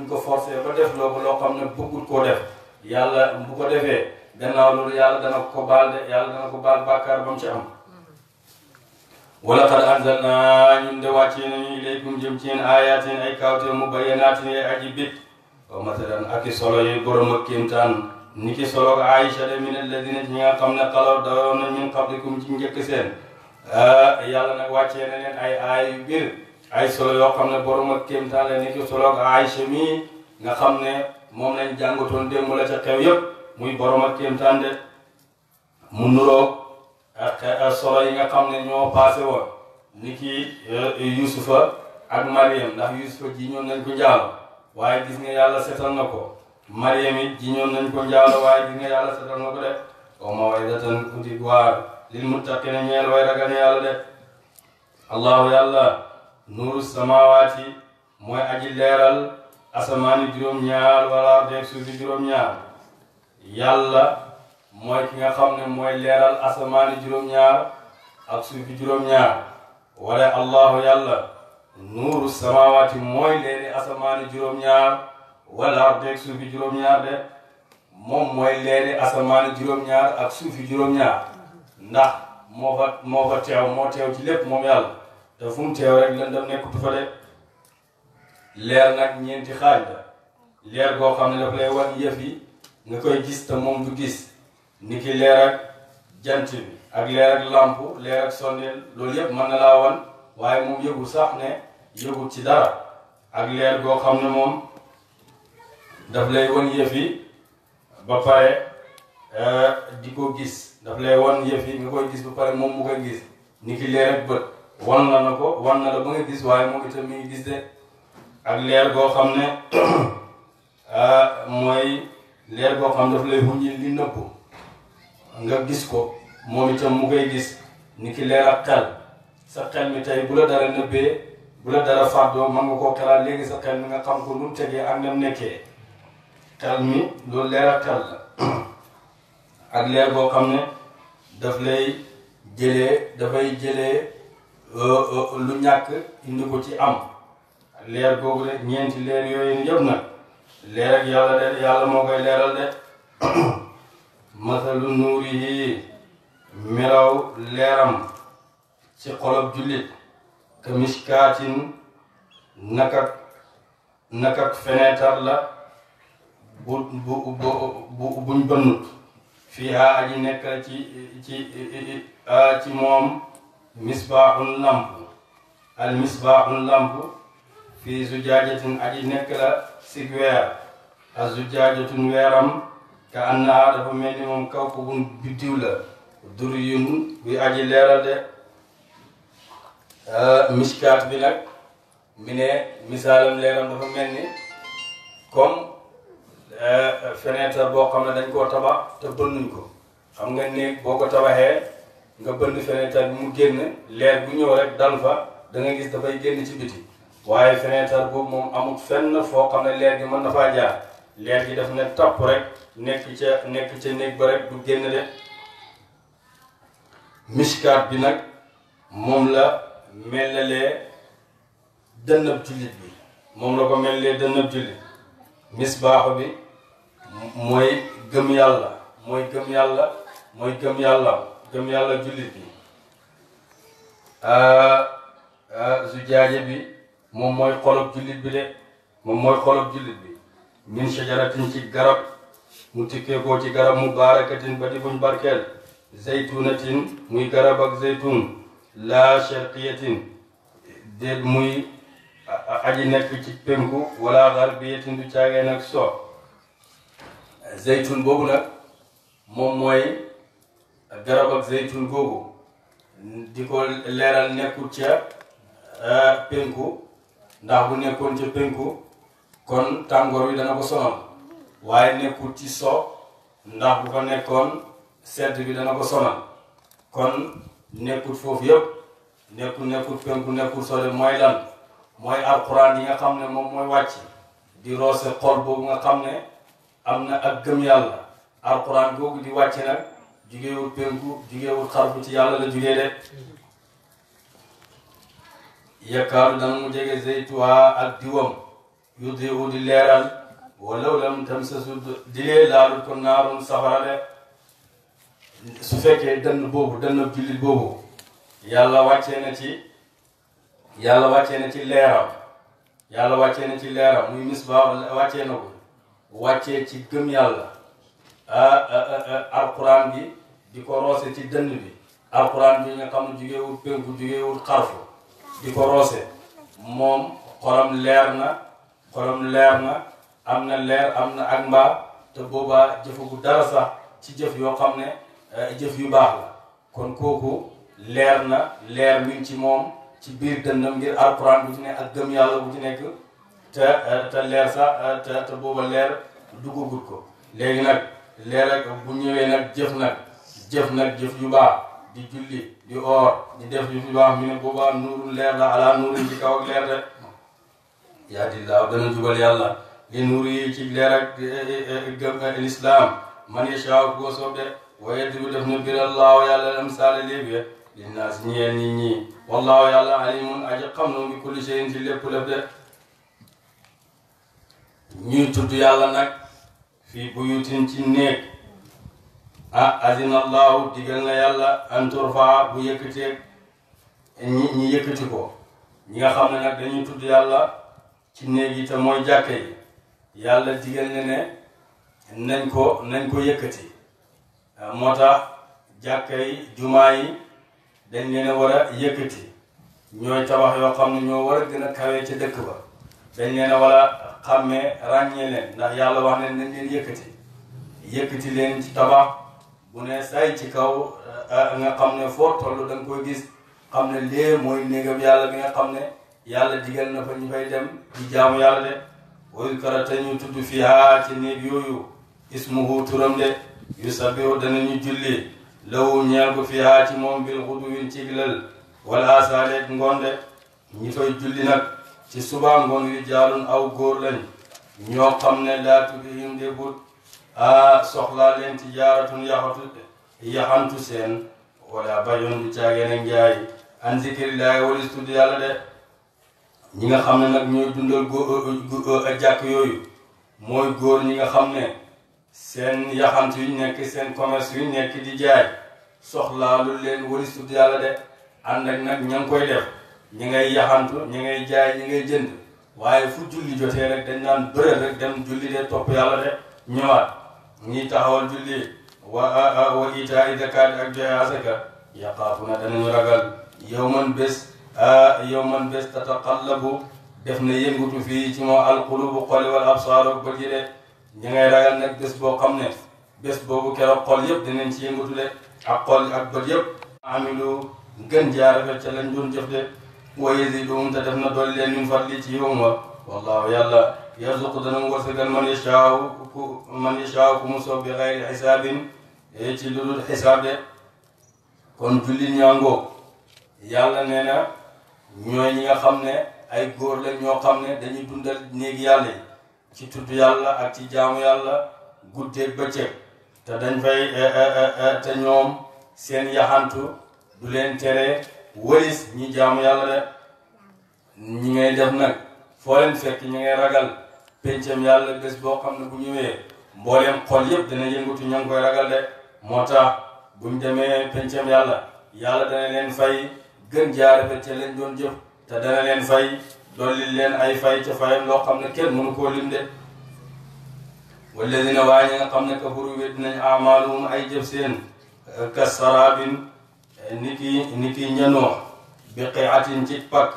ko forcé ba def loo ko loo xam ne bëggul koo def yàlla bu ko defee gannaaw loolu yàlla dana ko baal de yàlla dana ko baal bàkkaar ba mu ci am mm-hmm. wala qad anzalnaa ñun de wàccee nañu ilaykum jëm ci yéen ayatin ay kawte mu bayanaatin ay aji bit wa matalan solo yi borom ak kéemtaan ni solo ak Aïcha de min alladina ci ñi nga xam ne xalaw dawoon na min qablikum ci njëkk seen ah, yàlla nag wàccee na leen ay aay yu ay solo yoo xam ne borom ak kéemtaan la ni solo ak Aïcha mi nga xam ne moom lañ jàngatoon démb la ca xew yépp muy borom ak kéemtaan de mu nuroo ak ak solo yi nga xam ne ñoo paase woon ni ki euh, yusufa ak mariam ndax yusufa ji ñoon nañ ko njaalo waaye gis nga yàlla setal na ko mariam it ji ñoon nañ ko njaalo waaye gis nga yàlla setal na ko de wa mawidatan udigwaar lil muttaqina ñeel way ragal yàlla de allahu yàlla nuuru samawaati mooy aji leeral asamaani juróom-ñaar wala deeg suufi juróom-ñaar yàlla mooy ki nga xam ne mooy leeral asamaani juróom-ñaar ak suufi juróom-ñaar wala suufi juróom-ñaar de moom mooy leeri asamaani juróom-ñaar ak suufi juróom-ñaar ndax moo fa moo fa teew moo teew ci lépp moom yàlla te fu teew rek lëndëm nekkut fa de leer nag ñeenti xaaj la leer goo xam ne daf lay wan yëf yi nga koy gis te moom du gis ni ki leer ak jant bi ak leer ak làmp leer ak sondeel loolu yëpp mën na laa wan waaye moom yëgu sax ne yëgu ci dara ak leer goo xam ne moom daf lay wan yëf ba pare euh, di ko gis daf lay wan yëf yi nga koy gis ba pare moom mu a gis ni ki leer ak bët wan na na ko wan na la ba nga gis waaye moom itam mi ngi gis de ak leer boo xam ne (clears throat) ah, mooy leer goo xam daf lay wuññil li nëbbu nga gis ko moom itam mu koy gis ni ki leer ak xel sa xel mi tey bu la dara nëbbee bu la dara fàddoo mën nga koo xalaat léegi sa xel mi nga xam ko nu mu tegee ak nam nekkee xel mi loolu leer ak xel la (clears throat) ak leer goo xam ne daf lay jëlee dafay jëlee euh, euh, lu ñàkk indi ko ci am leer googu de ñeenti leer yooyu yëpp nag leer ak yàlla de yàlla moo koy leeral de (clears throat) masalu nuuri yi melaw leeram ci xolob jullit ka miskaatin nakak nakak feneetar la bu bu bu buñ bënnut fii a aji nekk ci ci ci moom misbaaxun lamp al misbaaxun lamp fii zujaajatin aji nekk la sig weer ak zujaajatun weeram ka annaa dafa mel ni moom kaw ko bun biddiw la dur yun buy aji leeral de euh, miskaat bi nag mi ne misaalam leeram dafa mel ni kom euh, fenêtre boo xam ne dañ koo tabax te bënnuñ ko xam nga néeg boo ko tabaxee nga bënn fenêtre bi mu génn leer bu ñëw rek dal fa da nga gis dafay génn ci biti waaye fenêtre boobu moom amul fenn foo xam ne leer gi mën na faa jaar leer gi daf ne topp rek nekk ca nekk ca néeg ba rek du génn de miskaat bi nag moom la melalee dënnab jullit bi moom la ko melalee dënnab jullit misbaaxu bi mooy gëm yàlla mooy gëm yàlla mooy gëm yàlla gëm yàlla jullit bi su ah, ah, jaaje bi moom mooy xolob jullit bi de moom mooy xolob jullit bi min shajaratin ci garab mu tikkeekoo ci garab mubaarakatin ba di buñ barkeel zaytunatin muy garab ak zaytun laa sharqiyatin déet muy aji nekk ci penku wala garbiyatin du caagee so zaytun boobu nag moom mooy garab ak zaytun googu di ko leeral nekkul ca ah, penku ndax bu nekkoon ca penku kon tàngoor wi dana ko sonal waaye nekkul ci so ndax bu ko nekkoon sedd bi dana ko sonal kon nekkul foofu yëpp nekkul nekkul penku nekkul so de mooy lan mooy alquran yi nga xam ne moom mooy wàcc di roose xol boobu nga xam ne am na ak gëm yàlla alquran boobu di wàcce nag jugewul penku jugewul xarfu ci yàlla la jugee de yakaaru dana mu jege zeytuha ak diwam yuddi u di leeral walaw lam tamsasu dilee laalu ko naarum safara de su fekkee dënn boobu dënn jullit boobu yàlla wàccee na ci yàlla wàccee na ci leeram yàlla wàccee na ci leeram muy misbaa wàccee na ko wàccee ci gëm yàlla alquran bi di ko roose ci dënn bi alquran bi nga xam ne jugewul pénku jugewul xarfu di ko roose moom xolam leer na xolam leer na am na leer am na ak mbaa te boobaa jëfagu dara sax ci jëf yoo xam ne eh, jëf yu baax la kon kooku leer na leer min ci moom ci biir dëndam ngir alquran bu ci nekk ak gëm yàlla bu ci nekk te eh, te leer sax eh, te te booba leer duggagut ko léegi nag leer ak bu ñëwee nag jëf nag jëf nag jëf yu baax di julli di oor di def yu fi baax ñu ne boobaa nuurul leer la ala nuurul ci kaw ak leer de yaa di laaw dana jubal yàlla li nuur yi ci leer ak eh, eh, eh, gëm lislaam man yashaaw koo soob de waaye di def na biral laaw yàlla lam saale léegi li naas ñeel nit ñi wallaahu yàlla alimun aji xam na bi kulli shay'in ci lépp lépp de ñuy tudd yàlla nag fii buyutin ci néeg ah azina allahu na yàlla an bu yëkkatee ñi ñi yëkkati ko ñi nga xam ne nag dañuy tudd yàlla ci néeg yi te mooy jàkke yi yàlla digal na ne nañ ko nañ ko yëkkati moo tax jàkke yi jumaa yi dañ leen a war a yëkkati ñooy tabax yoo xam ne ñoo war a gën a kawee ca dëkk ba dañ leen a war a xàmmee ràññee leen ndax yàlla wax ne nañ leen yëkkati yëkkati leen ci tabax mu ne say ci kaw euh, euh, nga xam ne foo toll da nga gis xam ne lee mooy néegam yàlla bi nga xam ne yàlla digal na fa ñu fay dem di jaamu yàlla de woyu karata ñu tudd fiha ci néeg yooyu ismuhu turam de yu sabihu danañu julli law ñeel ko fiha ci moom bil xuduwin ci lal wala asaaleeg ngoon de ñi fay julli nag ci suba ngoon yu jaalun aw góor lañ ñoo xam ne laa tubi him but ah soxlaa leen tijaaratun yaxatu yaxantu seen wala bayoon di caageen ak njaay an zikrillahi walis tudd yàlla de ñi nga xam ne nag ñooy dundal góor jàkk yooyu mooy góor ñi nga xam ne seen yaxantu yu nekk seen commerce yu nekk di jaay soxlaa lu leen walis tudd yàlla de ànd ak nag ña ngi koy def ñi ngay yaxantu ñi ngay jaay ñi ngay jënd waaye fu julli jotee rek dañ naan bëre rek dem julli de topp yàlla de ñëwaat ñi taxawal julli wa wa itaari zakaat ak joxe asaka yaqaafuna danañu ragal yawman bés yawman bés tataqallabu def na yëngutu fii ci moo alqulubu xoli wal absaaru bët yi de ñi ngay ragal nag bés boo xam ne bés boobu keroog xol yëpp dinañ ci yëngatu de ak xol ak bët yëpp amilu gën jaarafe ca lañ doon jëf de wa yaziduhum te def na dolli leen min fadli ci yow wallahu yàlla yarzuqu dana mu wërsëgal man yashaaw ku man yashaaw ku mu soob bi xayri xisaabin ci lu dul xisaab de kon jullit ñaangoo yàlla nee na ñooy ñi nga xam ne ay góor la ñoo xam ne dañuy dundal néeg yàlla yi ci tudd yàlla ak ci jaamu yàlla guddeeg bëccëg te dañ fay te ñoom seen yaxantu du leen tere wëlis ñi jaamu yàlla de ñi ngay def nag foo leen fekk ñi ngay ragal pencam yàlla bés boo xam ne bu ñëwee mbooleem xol yëpp dana yëngatu ña ngi koy ragal de moo tax buñ demee pencam yàlla yàlla dana leen fay gën jaare te leen doon jëf te dana leen fay dolli leen ay fay ca fayam loo xam ne kenn mënu koo lim de walladina waa ñi nga xam ne kafaru wét nañ amaaluhum ay jëf seen eh, ka sarabin eh, niki niki ñanoo biqiatin ci pakk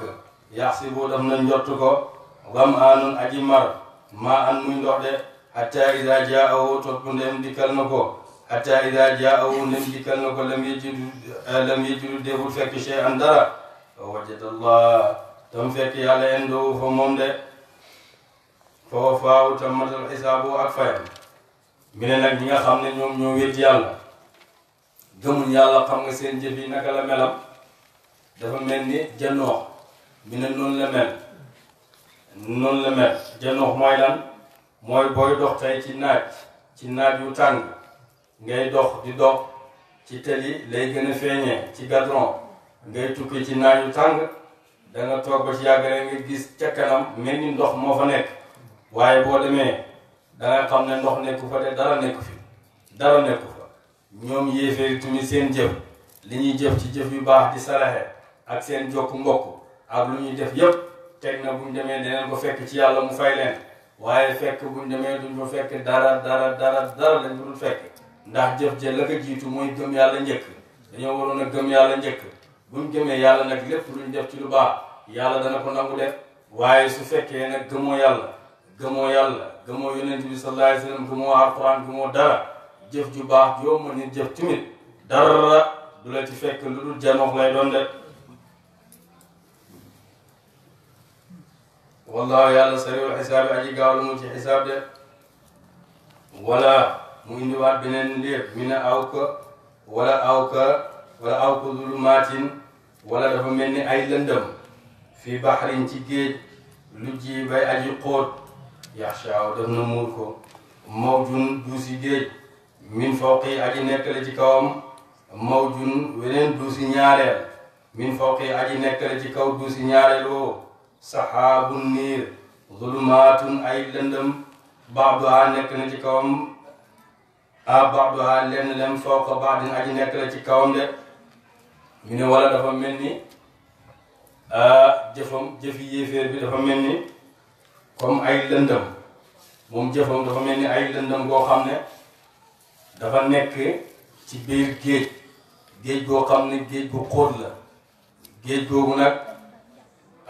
yaxsibu daf na njott ko gam aanun aji mar maa an muy ndox de hatta ida jaahu topp ndem dikkal na ko hatta ida jaahu ndem dikkal na ko lam yejidu lam yejidu deful fekk chey an dara wajada allah tam fekk yàlla en fa moom de foo tam matal xisaabu ak fayam mi ne nag ñi nga xam ne ñoom ñoo wét yàlla gëmuñ yàlla xam nga seen jëf naka la melam dafa mel ni jannoox mi ne noonu la mel noonu la mel janox mooy lan mooy booy dox tey ci naaj ci naaj wu tàng ngay dox di dox ci teli lay gën a feeñee ci gadron ngay tukki ci naaj wu tàng da toog ba ci yàgg rek nga gis ca kanam mel ni ndox moo fa nekk waaye boo demee da nga xam ne ndox nekku fa te dara nekku fi dara nekku fa ñoom yéeféeri tamit seen jëf li ñuy jëf ci jëf yu baax di saraxe ak seen jokk mbokk ak lu ñuy def yépp teg na buñ demee deneen ko fekk ci yàlla mu fay leen waaye fekk buñ demee duñ ko fekk dara dara dara dara lañ ko dul fekk ndax jëf ja la ko jiitu mooy gëm yàlla njëkk dañoo waroon a gëm yàlla njëkk buñ gëmee yàlla nag lépp luñ def ci lu baax yàlla dana ko nangu de waaye su fekkee nag gëmoo yàlla gëmoo yàlla gëmoo yonent bi sallallahu alayhi wasallam gëmoo alquran gëmoo dara jëf ju baax yoo mën a jëf tamit dara du la ci fekk lu dul janox lay doon de wallaahu yàlla sariwul xisaab aji gaaw la mu ci xisaab de wala mu indiwaat beneen léeb mi ne aw ka wala aw ka wala aw ka zulumaatin wala dafa mel ni ay lëndëm fi baxrin ci géej lu ji bay aji xóot yaxshaaw def na muur ko mawjun duusi géej min fawqi aji nekkale ci kawam mawjun weneen duusi ñaareel min fawqi aji nekkale ci kaw duusi ñaareel woo saxaabun niir zulumaatun ay lëndëm baaduha nekk na ci kawam a baaduha lenn lem foo ko baadin aji nekk la ci kawam de ñu ne wala dafa mel ni jëfam jëfi yéeféer bi dafa mel ni comme ay lëndëm moom jëfam dafa mel ni ay lëndëm boo xam ne dafa nekk ci biir géej géej boo xam ne géej bu xóot la géej googu nag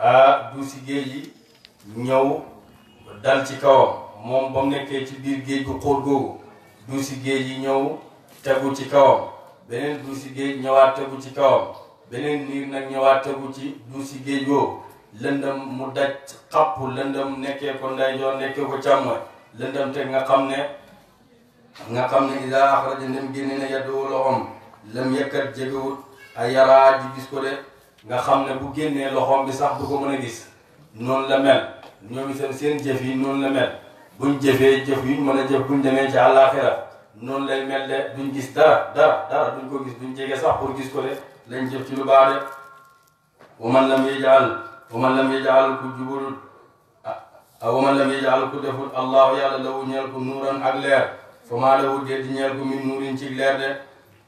ah du si géej yi ñëw dal ci kawam moom ba mu nekkee ci biir géej gu xóot googu du si géej yi ñëw tegu ci kawam beneen du si géej ñëwaat tegu ci kawam beneen niir nag ñëwaat tegu ci du si géej googu lëndëm mu daj xapp lëndëm nekkee ko ndeyjoor nekkee ko càmmoñ lëndëm teg nga xam ne nga xam ne idaa axraja ndem génne na yaddu loxoom lam yëkkat jegewut a yaraa ji gis ko de nga xam ne bu génnee loxoom bi sax du ko mën a gis noonu la mel ñoom seen jëf yi noonu la mel buñ jëfee jëf yuñ mën a jëf buñ demee ci àllaaxira noonu lay mel de duñ gis dara dara dara duñ ko gis duñ jege sax pour gis ko de lañ jëf ci lu baax de wa man lam yajal wa man lam yajal ku jubul ah, ah, wa man lam yajal ku deful allahu yàlla lawu ñeel ko nuuran ak leer fa maa lawu dee di ñeel ko min nuurin ci leer de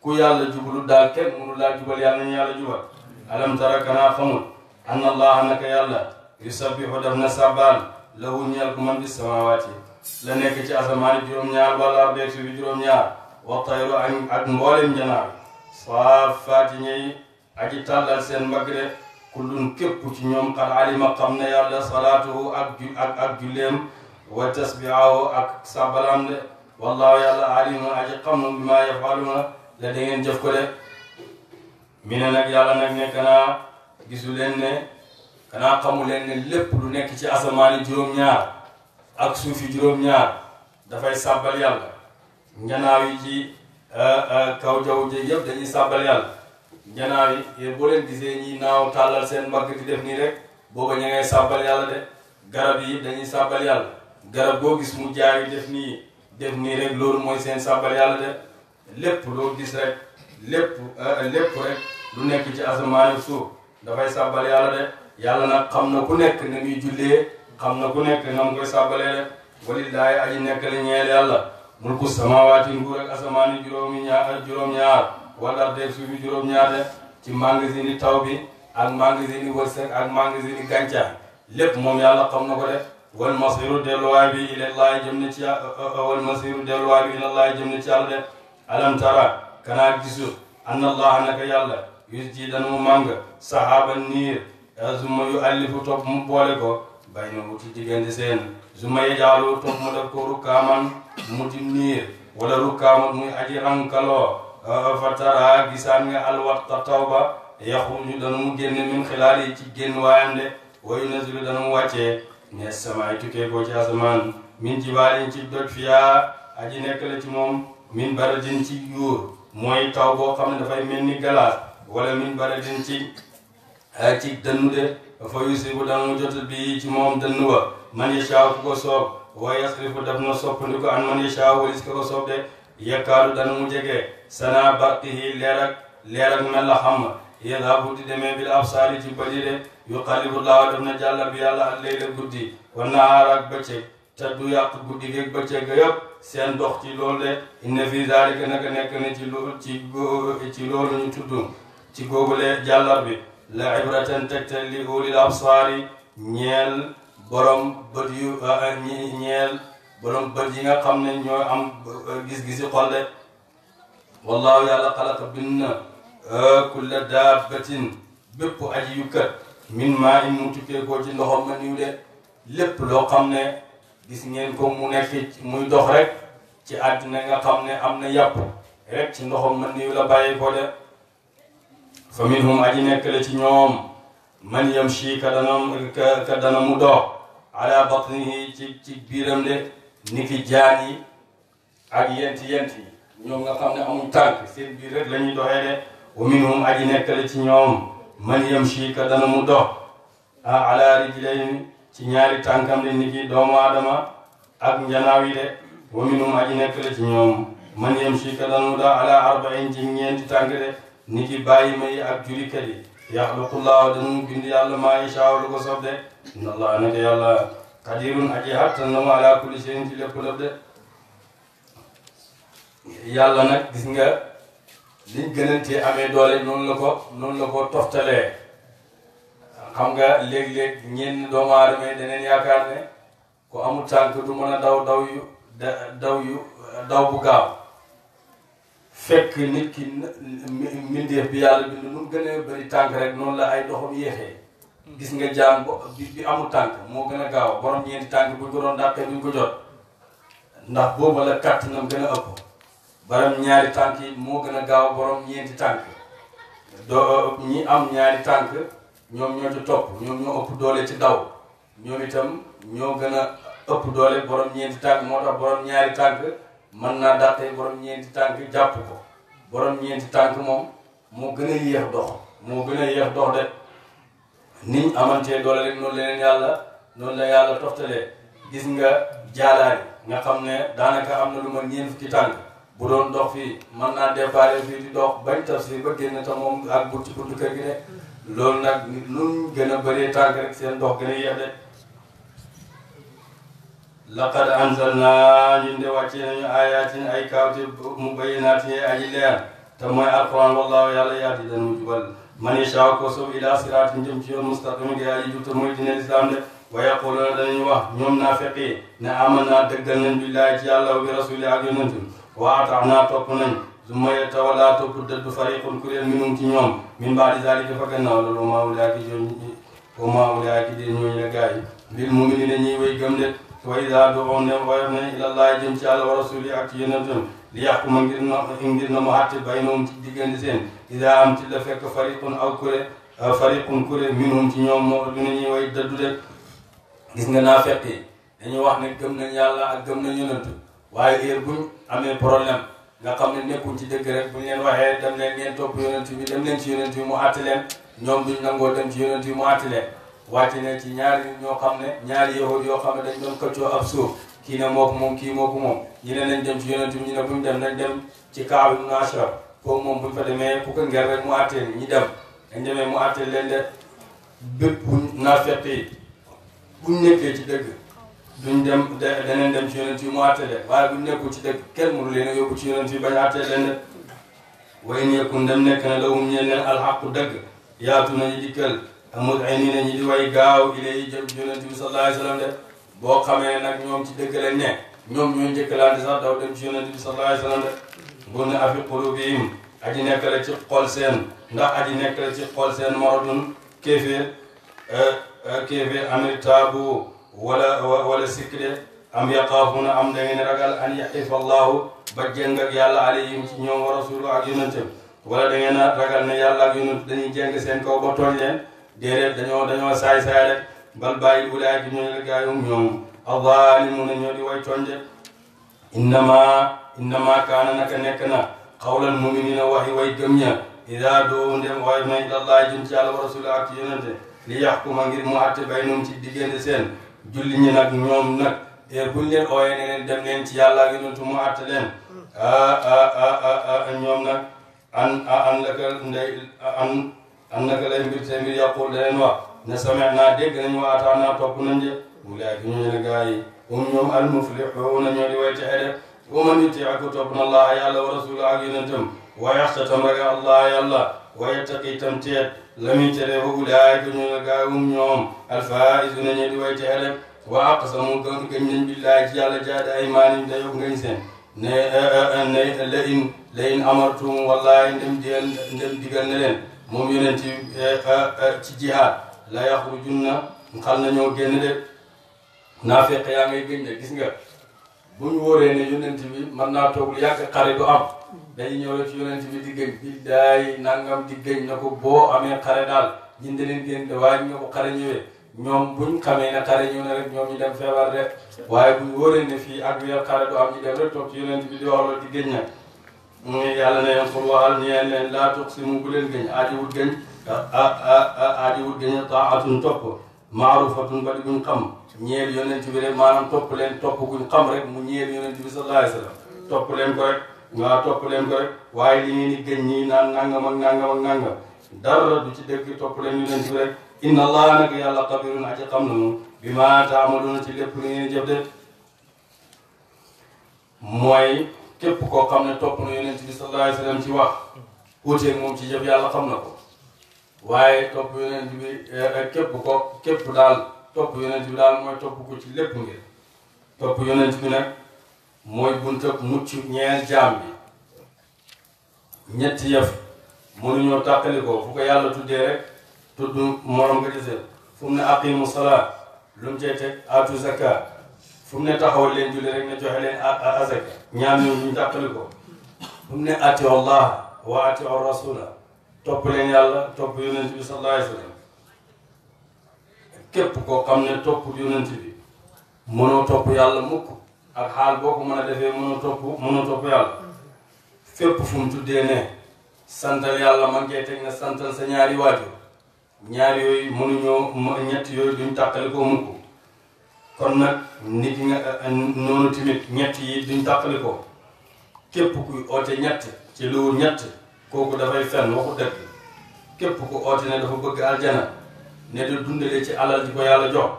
ku yàlla jublu daal kenn mënu laa jubal yàlla ñu yàlla jubal alam tara kana xamul anna allaha naka yàlla yusabbihu def na sabbal lahu ñeel man bi samawaat la nekk ci asamaani juróom-ñaar wala ardeeg suufi juróom-ñaar wa tayru ak ak mboolem janaaw saafaati ñey aji tàllal seen mbagg de kullun képp ñoom xar alima xam ne yàlla salaatuhu ak ju wa tasbihahu ak sabalam de wallaahu yàlla alimun aji xam nu bi maa yafaluuna la da ngeen de mi ne nag yàlla nag ne kanaa gisu leen ne kanaa xamu leen ne lépp lu nekk ci asamaani juróom-ñaar ak suufi juróom-ñaar dafay sàbbal yàlla njanaaw yi ci euh, euh, kaw jaww ji yëpp dañuy sàbbal yàlla njanaaw yi boo leen gisee ñi naaw tàllal seen mbagg di def nii rek booba ña ngay sàbbal de garab yi dañuy sàbbal yàlla garab boo gis mu jaawi def nii def loolu mooy seen sàbbal yàlla de lépp loo gis rek lépp euh, lépp rek lu nekk ci asamaan suuf dafay sàbbal yàlla de yàlla nag xam na ku nekk na muy jullee xam na ku nekk na mu koy sàbbalee de walillaahi nekk la ñeel yàlla mulku samaawaati nguur ak asamaan yi juróomi ñaar juróom-ñaar wala de suuf yi juróom-ñaar de ci magasin taw bi ak magasin wërsëg ak magasin gàncax lépp moom yàlla xam na ko de wal masiru delluwaay bi ilallahi jëm na ci wal masiru delluwaay bi ilallahi jëm na ci yàlla de kanaa gisul anna naka yàlla yus ji danu màng sahaaba niir summa yu allifu topp mu boole ko bay na wuti diggante seen summa yejaaloo topp mu def ko rukkaaman muti niir wala rukkaaman muy aji rankaloo fa tara gisaan nga alwaxta tawba yaxruju danu mu génne min xilaal yi ci génn waayam de wayu nasilu danu mu wàccee ne samaay tukkee ko ci asamaan min jibaalin ci doj fiyaa aji nekk la ci moom min baradin ci yuur mooy taw boo xam ne dafay mel ni galaas wala min baradin ci eh, ci dënnu de fa yusibu dana mu jot bi ci moom dënnu ba man yashaa ku ko soob wa yasrifu daf na soppandi ko an man yashaa walis ko soob de yakkaaru dana mu jege sana barqihi leer ak leer ak mel la xam yadhabu di demee bil absaari ci bëri de yuqalibu laahu daf na jàlla bi yàlla al layla guddi wa nahaar ak bëccëg te du yàq guddi geeg bëccëg ga yëpp seen dox ci loolu de inna fi zalika naka nekk na ci loolu ci ci loolu ñu tudd ci googule jàllar bi la ibratan tegtal li ulil absaari ñeel borom bët yu ñeel borom bët yi nga xam ne ñooy am gis-gisi xol de wallahu yàlla xalaqa bind na kulla daabatin bépp aji yukkat min maa in mu tukkee koo ci ndoxam ma niw de lépp loo xam ne gis ngeen ko mu nekk muy dox rek ci àddina nga xam ne am na yàpp rek ci ndoxam mën niyu la bàyyi ko de fa minhum aji nekk la ci ñoom man yamshi ka dana ka dana mu dox ala batnihi ci ci biiram de niki jaan yi ak yenti yenti ñoom nga xam rek la ñuy doxee ci ñoom man yamshi ka mu dox ah, ci ñaari tànkam de niki doomu aadama ak njanaaw yi de wa minhum aji nekk la ci ñoom man yamshi ka danu daa ala arbain ci ñeenti tànk de niki bàyyi ma yi ak julikat yi yaxluqullaahu danu bind yàlla maa yashaa lu ko sob de inna allaha naka yàlla qadirun aji hattan la mu ala kulli shay'in ci lépp lépp de yàlla nag gis nga liñ gënantee amee doole noonu la ko noonu la ko toftalee xam nga léeg-léeg ñenn doomu aadama yi daneen yaakaar ne ku amul tànk du man a daw daw yu daw yu daw bu gaaw fekk nit ki mbindeef bi yàlla bind nu mu gën a bëri tànk rek noonu la ay doxam yéexee gis nga jaam bi bi amul tànk moo gën a gaaw borom ñeenti tànk buñ ko doon dàqee duñ ko jot ndax booba la kàttanam gën a ëpp borom ñaari tànk yi moo gën a gaaw boroom ñeenti tànk doo ñi am ñaari tànk ñoom ñoo ci topp ñoom ñoo ëpp doole ci daw ñoom itam ñoo gën a ëpp doole borom ñeenti tànk moo tax borom ñaari tànk man naa dàqee boroom ñeenti tànk jàpp ko borom ñeenti tànk moom moo gën a yéex dox moo gën a yéex dox de niñ amantee doole rek noonu leneen yàlla noonu la yàlla toftalee gis nga jaalaari nga xam ne daanaka am na lu ma ñeent fukki tànk bu doon dox fii man naa déparé fii di dox bañ taf si ba génn te moom ak but ci buntu kër gi de loolu nag nit luñ gën a bëree tar rek seen dox gën a yéex de laqad anzalnaa ñun de wàcce ayatin ay kaawte mu bayyinaatin ay aji leer te mooy alquran wallahu yàlla yaati dan mu jubal man yashaa ko soob ila siraatin jëm ci yoon mustaqim gi aji jub te mooy dina islam de wa yaquluuna wax ñoom naafiqi ne aman naa dëggal nañ billaahi ci yàlla bi rasuli ak yonent wa atax naa topp summa yatawalla topp dëddu de ñooñu la gaa yi bil mu'minina ñuy way gëm de wa idaa du'u ne woyof ne ilallahi jëm ci yàlla wa rasuli ak ci yonentam li yàquma ngir na ngir na mu àtte baynahum ci diggante seen idaa am ci la fekk fariqun minum ci ñoom moo du ne ñuy way dëddu de gis nga naa fekk dañuy wax ne gëm nañ yàlla ak gëm nañ yonent waaye heure buñ amee problème nga xam ne nekkuñ ci dëgg rek buñ leen waxee dem leen ngeen topp yonent bi dem leen ci yonent mu àtte leen ñoom duñ nangoo dem ci yonent bi mu àtte leen wàcc na ci ñaari ñoo xam ne ñaari yahud yoo xam ne dañ doon këccoo ab suuf kii ne moo ko moom kii moo ko moom ñu ne nañ dem ci yonent bi ñu ne buñ dem nañ dem ci Kaab ibn Ashraf moom buñ fa demee ku ko nger rek mu àtte ñi dem dañ demee mu àtte leen de bépp buñ naafeq yi buñ nekkee ci dëgg duñ dem daneen dem ci yonent yi mu àtte de waaye buñ nekkul ci dëkk kenn mënu leen a yóbbu ci yonent yi bañ àtte leen de way nekkun dem nekk na lawum ñeen leen alxaqu dëgg yaatu nañu dikkal amul ay nii nañu di way gaaw ilay jëm ci yonent bi sallallahu alayhi wa sallam de boo xamee nag ñoom ci dëgg lañ ne ñoom ñooy njëkkalaante sax daw dem ci yonent bi sallallahu alayhi wa sallam de gun ne afi qulubihim aji nekk la ci xol seen ndax aji nekk la ci xol seen maradun kéefee euh, euh, kéefee amir taabu wala wala sikk de am yaqaafuuna am da ngeen ragal an yaxifa allahu ba jeng ak yàlla alayhim ci ñoom wa rasulu ak yonentam wala da ngeen ragal ne yàlla ak yonent dañuy jeng seen kaw ba tooñ leen déedéet dañoo dañoo saay-saay rek bal bàyyi wulaay bi ñooy la gaayum ñoo di way tooñ de innama innama na naka nekk na xawlan muminina waxi way gëm ña ida doowu ndem waay na ilallaah jëm ci yàlla wa rasulu ak ci yonente li yaxkuma ngir mu atte baynum ci diggante seen julli ñi nag ñoom nag buñ leen ooyee ne leen dem leen ci yàlla ak yonentu a àtte leen ñoom nag an an laka ndey an an naka lay mbir te mbir yàqul da leen wax ne same naa dégg nañ wa ataanaa topp nañ de wulaayka ñooñu ne gaa yi um ñoom al muflixuuna ñoo di way texe de waman yutia ku topp na allah yàlla wa rasula ak yonentam wa yaxsa tam ragal allah yàlla wa yattaqi tam teet la muy tere wa ulaayika ñu nga gaawum ñoom alfaa'izuuna ñi di way texe rek wa aqsamu gëm gëm nañ billaahi ci yàlla jaade ay maanim da yóbbu ngañ seen eh, eh, eh, ne la in la in amartum ndem digal ndem digal na leen moom yonent ci ci jihaad la yaxrujunna xal na ñoo génn de naafeq yaa ngay gëñ de gis nga bu ñu wóoree ne yonent bi mën naa toog lu yàgg xare du am day ñëw rek yonent bi di gëñ billaay nangam di gëñ na ko boo amee xare daal jënd leen génn de waaye nga bu xare ñëwee ñoom buñ xamee ne xare ñëw na rek ñoom ñu dem feebar de waaye buñ wóoree ne fii ak weer xare du am ñu dem rek toog ci yonent bi di wax loolu di gëñ na muy yàlla ne pour waxal ñeen leen laa tuqsimu bu leen gëñ aajowut gëñ aajowut gëñ taatun topp maarufatun bari buñ xam ñeel yonent bi rek maanaam topp leen topp guñ xam rek mu ñeel yonent bi sallallahu alayhi wa sallam topp leen ko rek waaw topp leen ko rek waaye li ngeen di gëñ ñii naan nangam ak nangam ak nangam dara du ci dëgg topp leen ñu leen ci rek inna allah nag yàlla xabirun aji xam nañu bi ma taamaluuna ci lépp lu ngeen jëf de mooy képp koo xam ne topp na yonent bi sallallahu alayhi wasallam ci wax wuuteeg moom ci jëf yàlla xam na ko waaye topp yonent bi eh, eh, képp ko képp daal topp yonent bi daal mooy topp ko ci lépp ngir topp yonent bi nag mooy buntab mucc ñeel jaam bi ñetti yëf mënuñoo tàqalikoo fu ko yàlla tuddee rek tudd morom nga gisee fu mu ne aqimu salaat lu mu cay teg atu zaka ne taxawal leen julli rek ne joxe leen azaka ñaar ñooñu ñu tàqalikoo fu mu ne atiu allah wa atiu rasula topp leen yàlla topp yonent bi sallallahu alayhi wa sallam képp koo xam ne topp yàlla mukk ak xaal boo ko mën a defee mënoo topp mënoo topp yàlla fépp fu tuddee ne santal yàlla man kee teg na santal sa ñaari waajur ñaari yooyu mënuñoo ñett yooyu duñ tàqali ko mukk kon nag nit nga noonu tamit ñett yi duñ tàqali képp kuy oote ñett ci lu ñett kooku dafay fenn waxu dëgg képp ku oote ne dafa bëgg aljana ne du dundale ci alal ji ko yàlla jox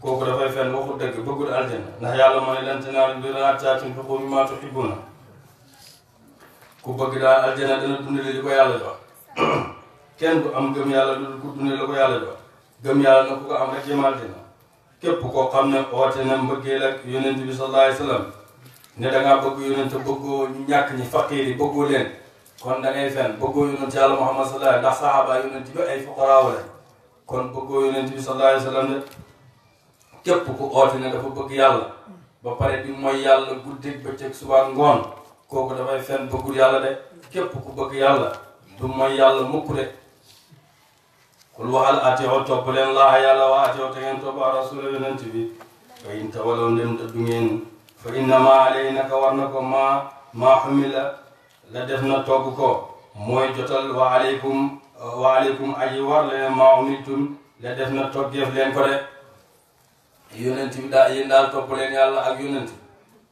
kooku dafay fen waxul dëgg bëggul aljana ndax yàlla moo ne lan tanaalu birra hattaa tunfiqu mimmaa tuhibbuuna ku bëgg daal aljana dana dundale li ko yàlla jox (clears throat) kenn du am gëm yàlla dul ku dundale li ko yàlla jox gëm yàlla na ku ko am rek jëm aljana képp koo xam ne oote na mbëggeel ak yonent bi sallallahu alayhi wa sallam ne da ngaa bëgg yonent bëggoo ñàkk ñi faqiir yi bëggoo leen kon da ngay fen bëggoo yonent yàlla Muhammad sallallahu ndax saxaaba yonent bi ay fuqaraaw la kon bëggoo yonent bi sallallahu alayhi wa sallam de képp ku oote ne dafa bëgg yàlla ba pare di mooy yàlla guddik bëccëg subaa ngoon kooku dafay fen bëggul yàlla de képp ku bëgg yàlla du mooy yàlla mukk de kul waxal aateo topp leen laa yàlla wa aateo te ngeen topp a rasula yonent bi fa in tawalaw ndem te du ngeen fa innama alay naka war na ko maa maa xumila la def na togg ko mooy jotal wa aleykum aji war leen maa umiltum la def na toggeef leen ko de yonent bi daal topp leen yàlla ak yonent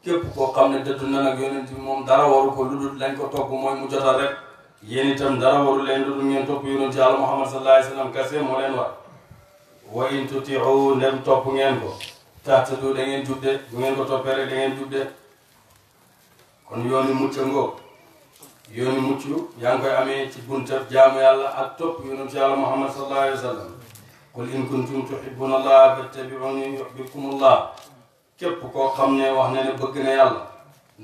képp koo xam ne dëddu na nag yonent moom dara waru ko lu dul lañ ko topp mooy mu jotal rek yéen itam dara waru leen lu dul ngeen topp yonent yàlla Muhammad sallallahu alayhi wa moo leen wa wa in tuti'u ndem topp ngeen ko tahtadu da ngeen jubde bu ngeen ko toppee rek da ngeen jubde kon yooni mucc ngoo yooni mucc yaa ngi koy amee ci buntab jaamu yàlla ak topp yonent yàlla Muhammad sallallahu alayhi qul in kuntum tuhibbuna allah fattabi'uni yuhbibkum allah képp koo xam ne wax ne ne bëgg na yàlla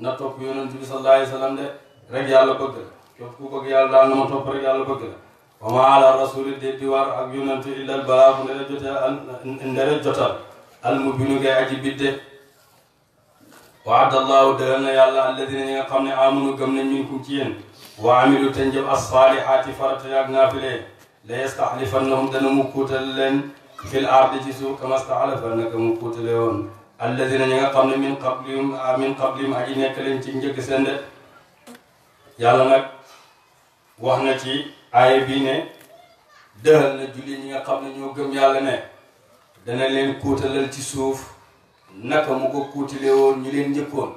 na topp yonent bi sallallahu alayhi wa sallam de rek yàlla bëgg la képp ku bëgg yàlla daal na ma topp rek yàlla bëgg la wa ma ala rasuli de di war ak yonent illa al balaagu ndere jotal ndere jotal al mubinu ngay aji bidde waada allahu dëgal na yàlla alladina ñi nga xam ne amunu gëm nañ minkum ci yéen wa amilu te njëf as saalihaati farata yaag naafile la yastaxlifannahum dana mu kuutal leen fil ci suuf kama staxlafa naka mu kuutale woon alladina ñi nga xam ne min qablihim min qablihim aji nekk leen ci njëkk seen de nag wax na ci aaya bii ne dëhal na julli ñi nga xam ne ñoo gëm yàlla ne dana leen kuutalal ci suuf naka mu ko kuutale woon ñu leen njëkkoon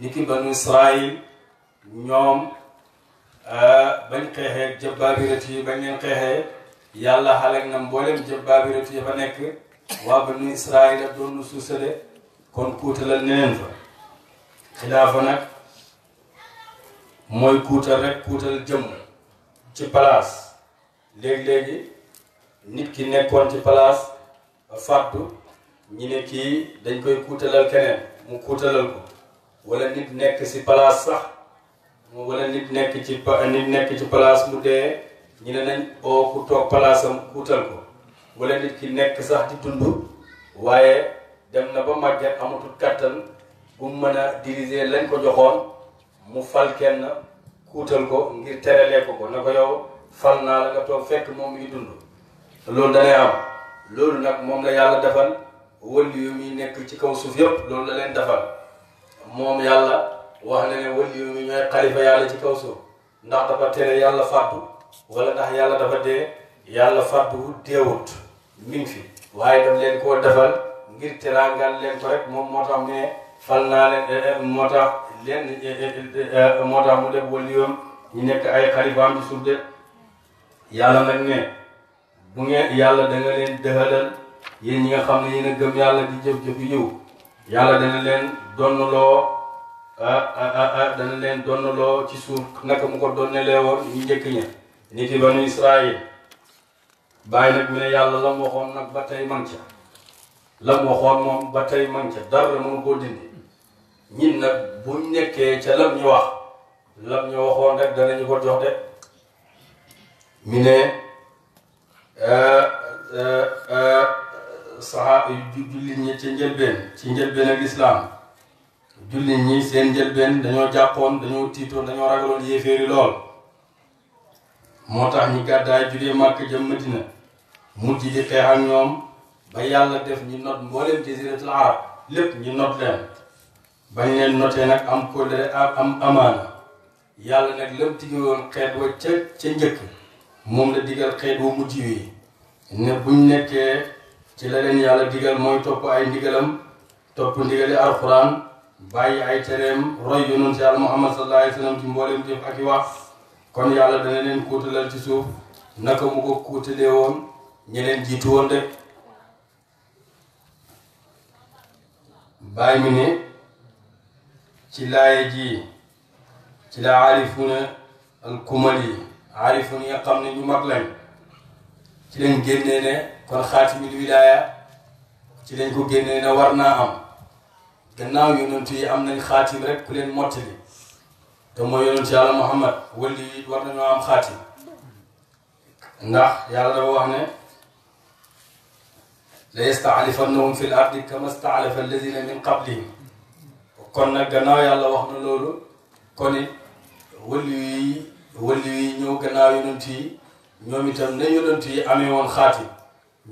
ni ki banu israil ñoom bañ xeexee jabaabirat yi bañ leen xeexee yàlla xalak na mboolem jabaabirat yi fa nekk waa banu Israayil ak doon nu suusale kon kuutalal neneen fa xilaafa nag mooy kuutal rek kuutal jëmm ci palaas léegi-léegi nit ki nekkoon ci palaas ba fàttu ñi ne kii dañ koy kuutalal keneen mu kuutalal ko wala nit nekk si palaas sax mu wala nit nekk ci pa nit nekk ci place mu dee ñi ne nañ oo ku toog palaasam kuutal ko wala nit ki nekk sax di dund waaye dem na ba màgget amatul kàttan bu mu mën a diriger lañ ko joxoon mu fal kenn kuutal ko ngir tere ko ko na ko yow fal naa la nga toog fekk moom muy dund loolu danay am loolu nag moom la yàlla defal wël yu muy nekk ci kaw suuf yëpp loolu la leen defal moom yàlla wax na ne wali yu ñooy xalifa yàlla ci kaw suuf ndax dafa tere yàlla fàttu wala ndax yàlla dafa dee yàlla fàttuwut deewut min fi waaye daf leen koo defal ngir teraangal leen ko rek moom moo tax ne fal naa ne eh, eh, moo tax leen eh, moo tax mu def wali yoom ñu nekk ay xalifaam ci suuf de yàlla nag ne bu ngeen yàlla danga nga leen dëxalal yéen ñi nga xam ne yéen a gëm yàlla di jëf-jëf yu yàlla dana leen donnloo Ah, ah, ah, dana leen donnaloo ci suuf naka mu ko donnelee woon njëkk ña nit yi banu Israayil bàyyi nag mu ne yàlla la mu nag ba tey man ca la mu waxoon moom ba tey man ca dara mënu koo dindi ñin nag nekkee ca lam wax lam ñu waxoon rek danañu ko jox de mi ne eh, eh, eh, saxaa jullit ñi ca njëlbeen ci njëlbeen ak islaam jullit ñi seen njëlbeen dañoo jàppoon dañoo tiitoon dañoo ragaloon yéeféeri lool moo tax ñu gàddaay jugee Màkka jëm Madina mujj di xeex ak ñoom ba yàlla def ñi not mbooleem jaziratul arab lépp ñu not leen bañ leen notee nag am kóllëre ak am amaana yàlla nag lam tigi woon xeet wa ca ca njëkk moom la digal xeet wu mujj wi ne buñ nekkee ci la leen yàlla digal mooy topp ay ndigalam topp ndigali alxuraan bàyyi ay tereem roy yonent si yàlla muhammad sallallahu alayhi wa sallam ci mboolem jëf ak i wax kon yàlla dana leen kuutalal ci suuf naka mu ko kuutalee woon ñeneen jiitu woon de bàyyi mi ne ci laaye ji ci la aarifuna al kumali aarifuna yi nga xam ne ñu mag lañ ci lañ génnee ne kon xaatimi wilaaya ci lañ ko génnee ne war naa am gannaaw yonent yi am nañ xaatim rek ku leen mottali te mooy yonent yàlla Muhammad wali yi war nañoo am xaatim ndax yàlla dafa wax ne la yastaalifannahum fi l ardi kama staalafa min qablihim kon nag gannaaw yàlla wax na loolu kon it wali yi wali yi gannaaw yonent ñoom itam na yonent yi amee woon xaatim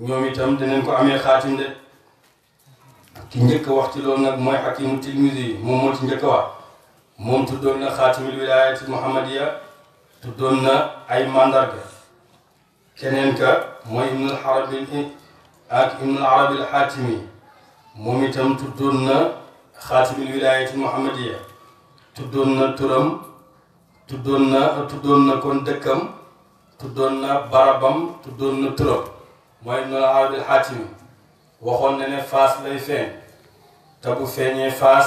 ñoom itam dinañ ko amee xaatim de ki njëkk wax ci loolu nag mooy Hakimu Tilmisi moom moo ci njëkk wax moom tuddoon na xaatimul wilaayati muhammadiya tuddoon na ay mandarga keneen ka mooy ibnul arabi ak ibnul arabi al xaatimi moom itam doon na xaatimul wilaayati muhammadiya tuddoon na turam tuddoon na tuddoon na kon dëkkam tuddoon na barabam tuddoon na turam mooy ibnul arabi al xaatimi waxoon na ne faas lay feeñ te bu feeñee faas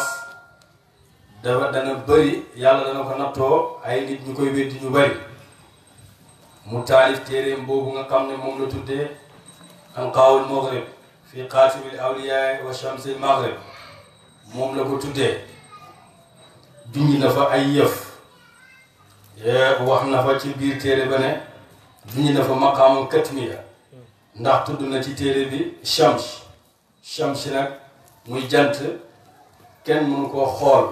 dafa dana bëri yàlla dana ko nattoo ay nit ñu koy weddi ñu bëri mu taalif téeréem boobu nga xam ne moom la tuddee anqaawul maghrib fi qaatibul awliyaa wa shamsil maghrib moom la ko tuddee junj na fa ay yëf eh, wax na fa ci biir téere ba ne junj na fa maqaamam katmiya ndax tudd na ci téere bi shams shams nag muy jant kenn mënu koo xool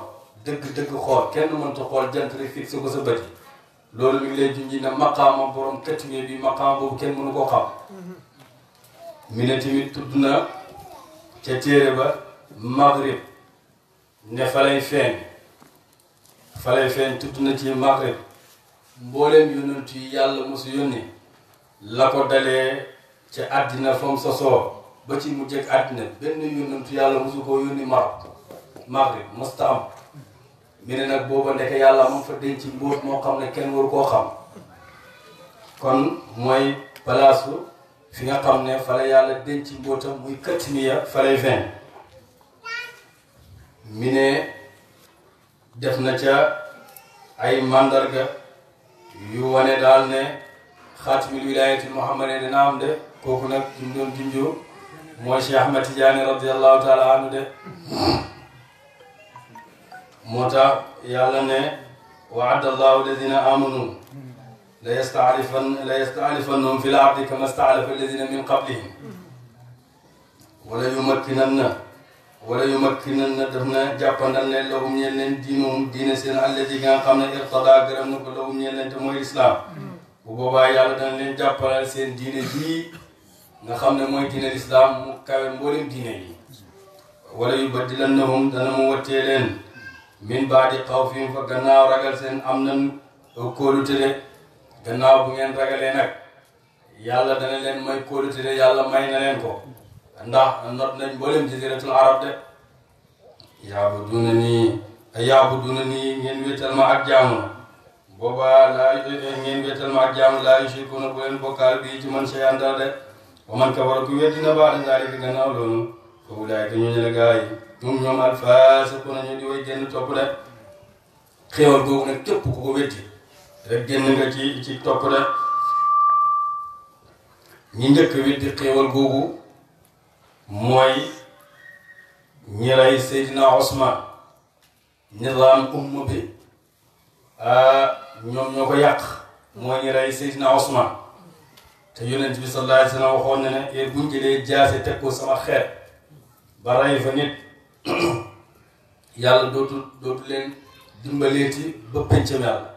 dëgg-dëgg xool kenn mënta xool jant rek fixé ko sa bët yi loolu mi ngi lay junji na maqaama borom tëtwee kenn mënu koo xam ne tamit tudd na ca téere ba maghrib ne fa feeñ fa feeñ tudd na ci maghrib mbooleem yonent yi yàlla mosu yónni la ko dalee ca àddina fam sosoo ba ci mu jëkk àddina benn yónnantu yàlla mosu koo yónni mar maghrib mosta am mi ne nag booba ndeke yàlla moom fa denc mbóot moo xam ne kenn waru koo xam kon mooy palaasu fi nga xam ne fa la yàlla denc mbóotam muy katimiya fa lay feeñ mi def na ca ay màndarga yu wane daal ne xaatimil wilaayatil muhammadee dina am de kooku nag ñu doon junjoo mooy Cheikh Ahmed Tidiane radiyallahu taala anhu de moo tax yàlla ne waada allahu alladina amanu la yastaalifan la yastaalifannahum fi l ardi kama staalafa alladina min qablihim wala yumakkinanna wala yumakkinanna daf na jàppandal leen lahum ñeen leen diinuhum diine seen alladi nga xam ne irtada gërëm na ko lahum ñeen leen te mooy islam bu boobaa yàlla dana leen jàppalal seen diine jii nga xam ne mooy diine lislaam mu kawe mboolem diine yi wala yu baddilannahum dana mu wattee leen min baadi xawfihim fa gannaaw ragal seen am nan kóolute de gannaaw bu ngeen ragalee nag yàlla dana leen may kóolute de yàlla may na leen ko ndax not nañ mboolem jaziratul arab de yaabuduna nii yaabuduna nii ngeen wéetal ma ak jaamu boobaa laa ngeen wéetal ma ak jaamu laa yushrikuuna bu leen bokkaal bii ci man sey andal de wa man kafara ku weddi na baada zaalika gannaaw loolu fa ulaayika ñu ñële gaay ñoom ñoom alfaasiquuna ñu di way génn topp de xéewal googu nag képp ku ko weddi rek génn nga ci ci topp de ñi njëkk weddi xéewal googu mooy ñi rey Seydina Osman ñi raam bi ñoom ñoo ko yàq mooy ñi rey Seydina Osman te yonent bi sallallahu alayhi wa sallam waxoon na ne bu ñu jëlee jaase teg ko sama xeet ba rey fa nit (clears throat) yàlla dootu dootu leen dimbaleeti ba pencam yàlla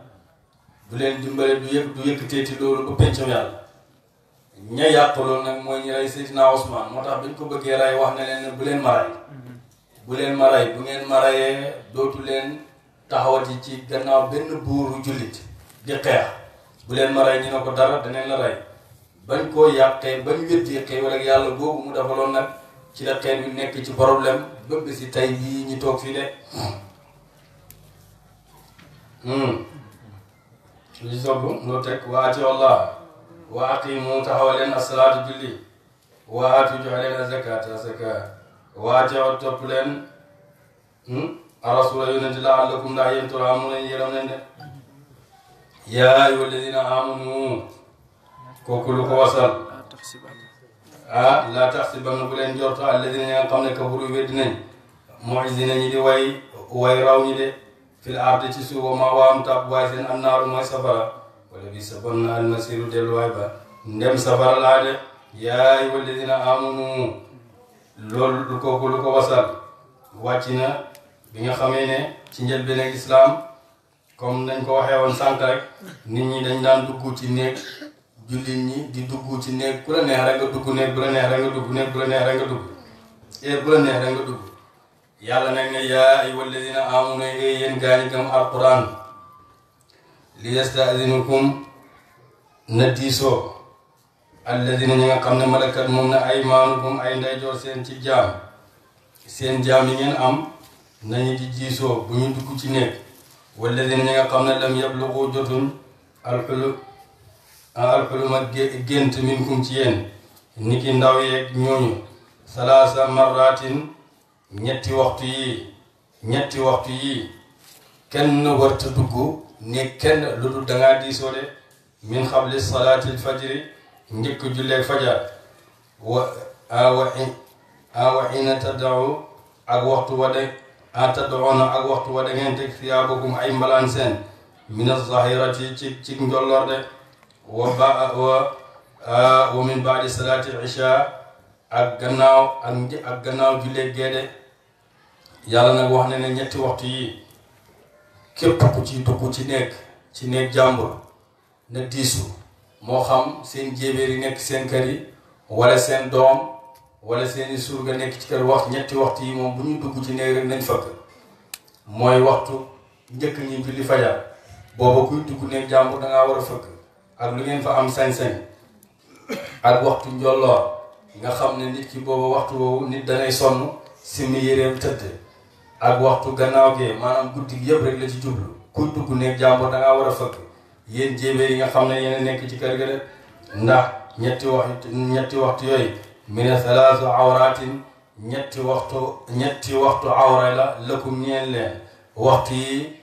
du leen dimbale du yëkk du yëkkateeti loolu ba pencam yàlla ña yàq loolu nag mooy ñi rey Seydina Ousmane moo tax bi ñu ko bëggee rey wax ne leen ne bu leen ma mhm. bu leen ma bu ngeen ma reyee dootu leen taxawati ci gannaaw benn buuru jullit di xeex bu leen ma rey ñu ne ko dara danañ la rey bañ koo yàqee bañ wéttee xéewal ak yàlla boobu mu defaloon nag ci la xeet nekk ci problème bëgg si tey yii ñu toog fii de hmm. li sobb loo teg waati allah wa aqimu taxawa leen asalaatu julli waatu joxe leen azakat azakat waati wa topp leen hmm, arasula yonente la allakum ndax yéen turamuna yéram leen de yaa ayyuha alladina amanu kooku lu ko wasal ah laa taxsibanna bu leen jorto alladina ñi nga xam ne kafaru weddi nañ mu'jiziina ñi di way way raw ñi de fil ardi ci suuf wa ma'waahum tàbbuwaay seen annaaru mooy safara wala bi na almasiru safara laa de yaa ayyuhal ladina aamanu loolu kooku lu ko wasal wàcc na bi nga xamee ne ci njëlbéen ak islaam comme nañ ko waxee woon sànq nit ñi dañ daan dugg ci jullit ñi di dugg ci néeg ku la neex rek nga dugg néeg bu la neex rek nga dugg néeg bu la neex rek nga dugg néeg bu la neex rek yàlla nag ne yaa ayyuha alladina amanu ee yéen gaa ñi gëm alquran li yastadinukum na diisoo alladina ñi nga xam ne malakat moom na ay maanukum ay ndeyjoor seen ci jaam seen jaam yi ngeen am nañu di diisoo bu ñu dugg ci néeg walladina ñi nga xam ne lam yablugu jotuñ alxulu alxuluma gént minkum ci yéen niki ndaw yeeg ñooñu salaasa marratin ñetti waxtu yi ñetti waxtu yi kenn warta dugg ne kenn lu dul dangaa diisoo de min xabli salaatil fajri njëkk jullee fajar wa awa awa ina tadaw ak waxtu wa de a tadawoona ak waxtu wa da ngeen teg siyaabakum ay mbalaan seen min azahirati njollor de wa ba wa wa min baadi salaati isha ak gannaaw ak ak gannaaw jullee géede yàlla nag wax ne ne ñetti waxtu yi képp ku ci dugg ci nekk ci nekk jàmbur na diisu moo xam seen jéebéer nekk seen kër yi seen doom wala seen i surga nekk ci kër wax ñetti waxtu yi moom bu ñu dugg ci néeg rek nañ fëkk mooy waxtu njëkk ñi julli fajar booba kuy dugg nekk jàmbur da war a fëkk ak lu ngeen fa am sañ-sañ ak waxtu njolloor nga xam ne nit ki boobu waxtu woowu nit danay sonn si mi yéreem tëdd ak waxtu gannaaw gee maanaam guddi gi yëpp rek la ci jublu ku dugg nekk jàmbur da war a fëgg yéen jéebee yi nga xam ne yéen nekk ci kër ga de ndax ñetti waxtu waxtu yooyu mine awraatin ñetti waxtu ñetti waxtu awra la lëkkum ñeen leen waxtu yi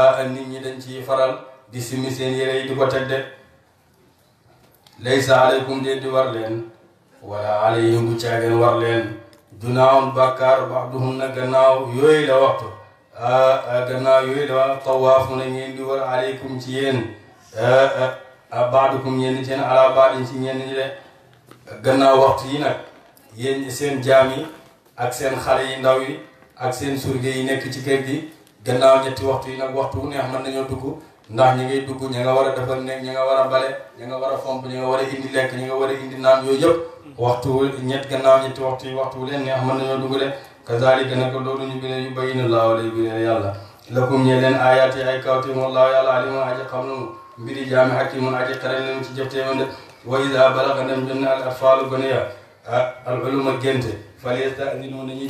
a nit ñi dañ ciy faral di simi seen yére yi di ko teg laysa aleykum déet di war leen wala alayhim bu caageen war leen junaahun bàkkaar baxduhun na gannaaw yooyu la waxtu gannaaw yooyu la tawaafu na ngeen di war aleykum ci yéen baadukum ñenn seen ala baadin ci ñenn ñi de gannaaw waxtu yi nag seen jaam yi ak seen xale yi ndaw yi ak seen surge yi nekk ci kër gi gannaaw ñetti waxtu yi nag waxtu wu neex mën nañoo dugg ndax ñi ngay dugg ñi nga war a defal nekk ñi nga war a bale ñi war a fomp ñi nga war a indi lekk ñi nga war a indi naan yooyu yëpp waxtu ñett gannaaw ñetti waxtu yi waxtu leen neex mën nañoo dugg de kazalika yi xam nanu mbiri jaami hakimun aji wa ida balaga dem jëm ne al atfaalu gone ya ah, al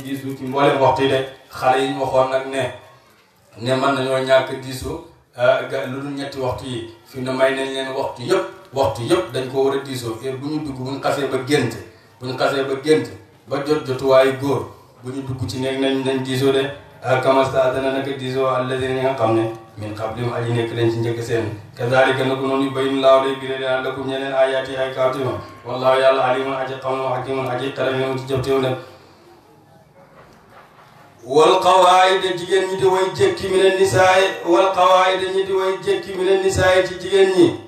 diisu ci mboolem waxtu yi de yi ñu nag ne ne mën nañoo ñàkk diisu Euh, ga lu dul ñetti waxtu yi fi ne may nañ leen waxtu yëpp waxtu yëpp dañ ko war a diisoo heure bu ñu dugg bu ñu xasee ba gént bu ñu xasee ba gént ba jot jotuwaayu góor bu ñu dugg ci nekk nañ nañ diisoo de ah, kamasta dana naka diisoo alladina ñi nga xam ne min xablim aji nekk dañ ci njëkk seen kazalika nako noonu a bayin laaw lay biré daan lakum ñeneen ayaati ay kawtima wallaahu yàlla alimun aji xamum hakimun aji xarañoon ci jëftewu nag wal qawaayida jigéen ñi di way jékki mina nisaay wal qawaayida ñi di way jékki mina nisaay ci jigéen ñi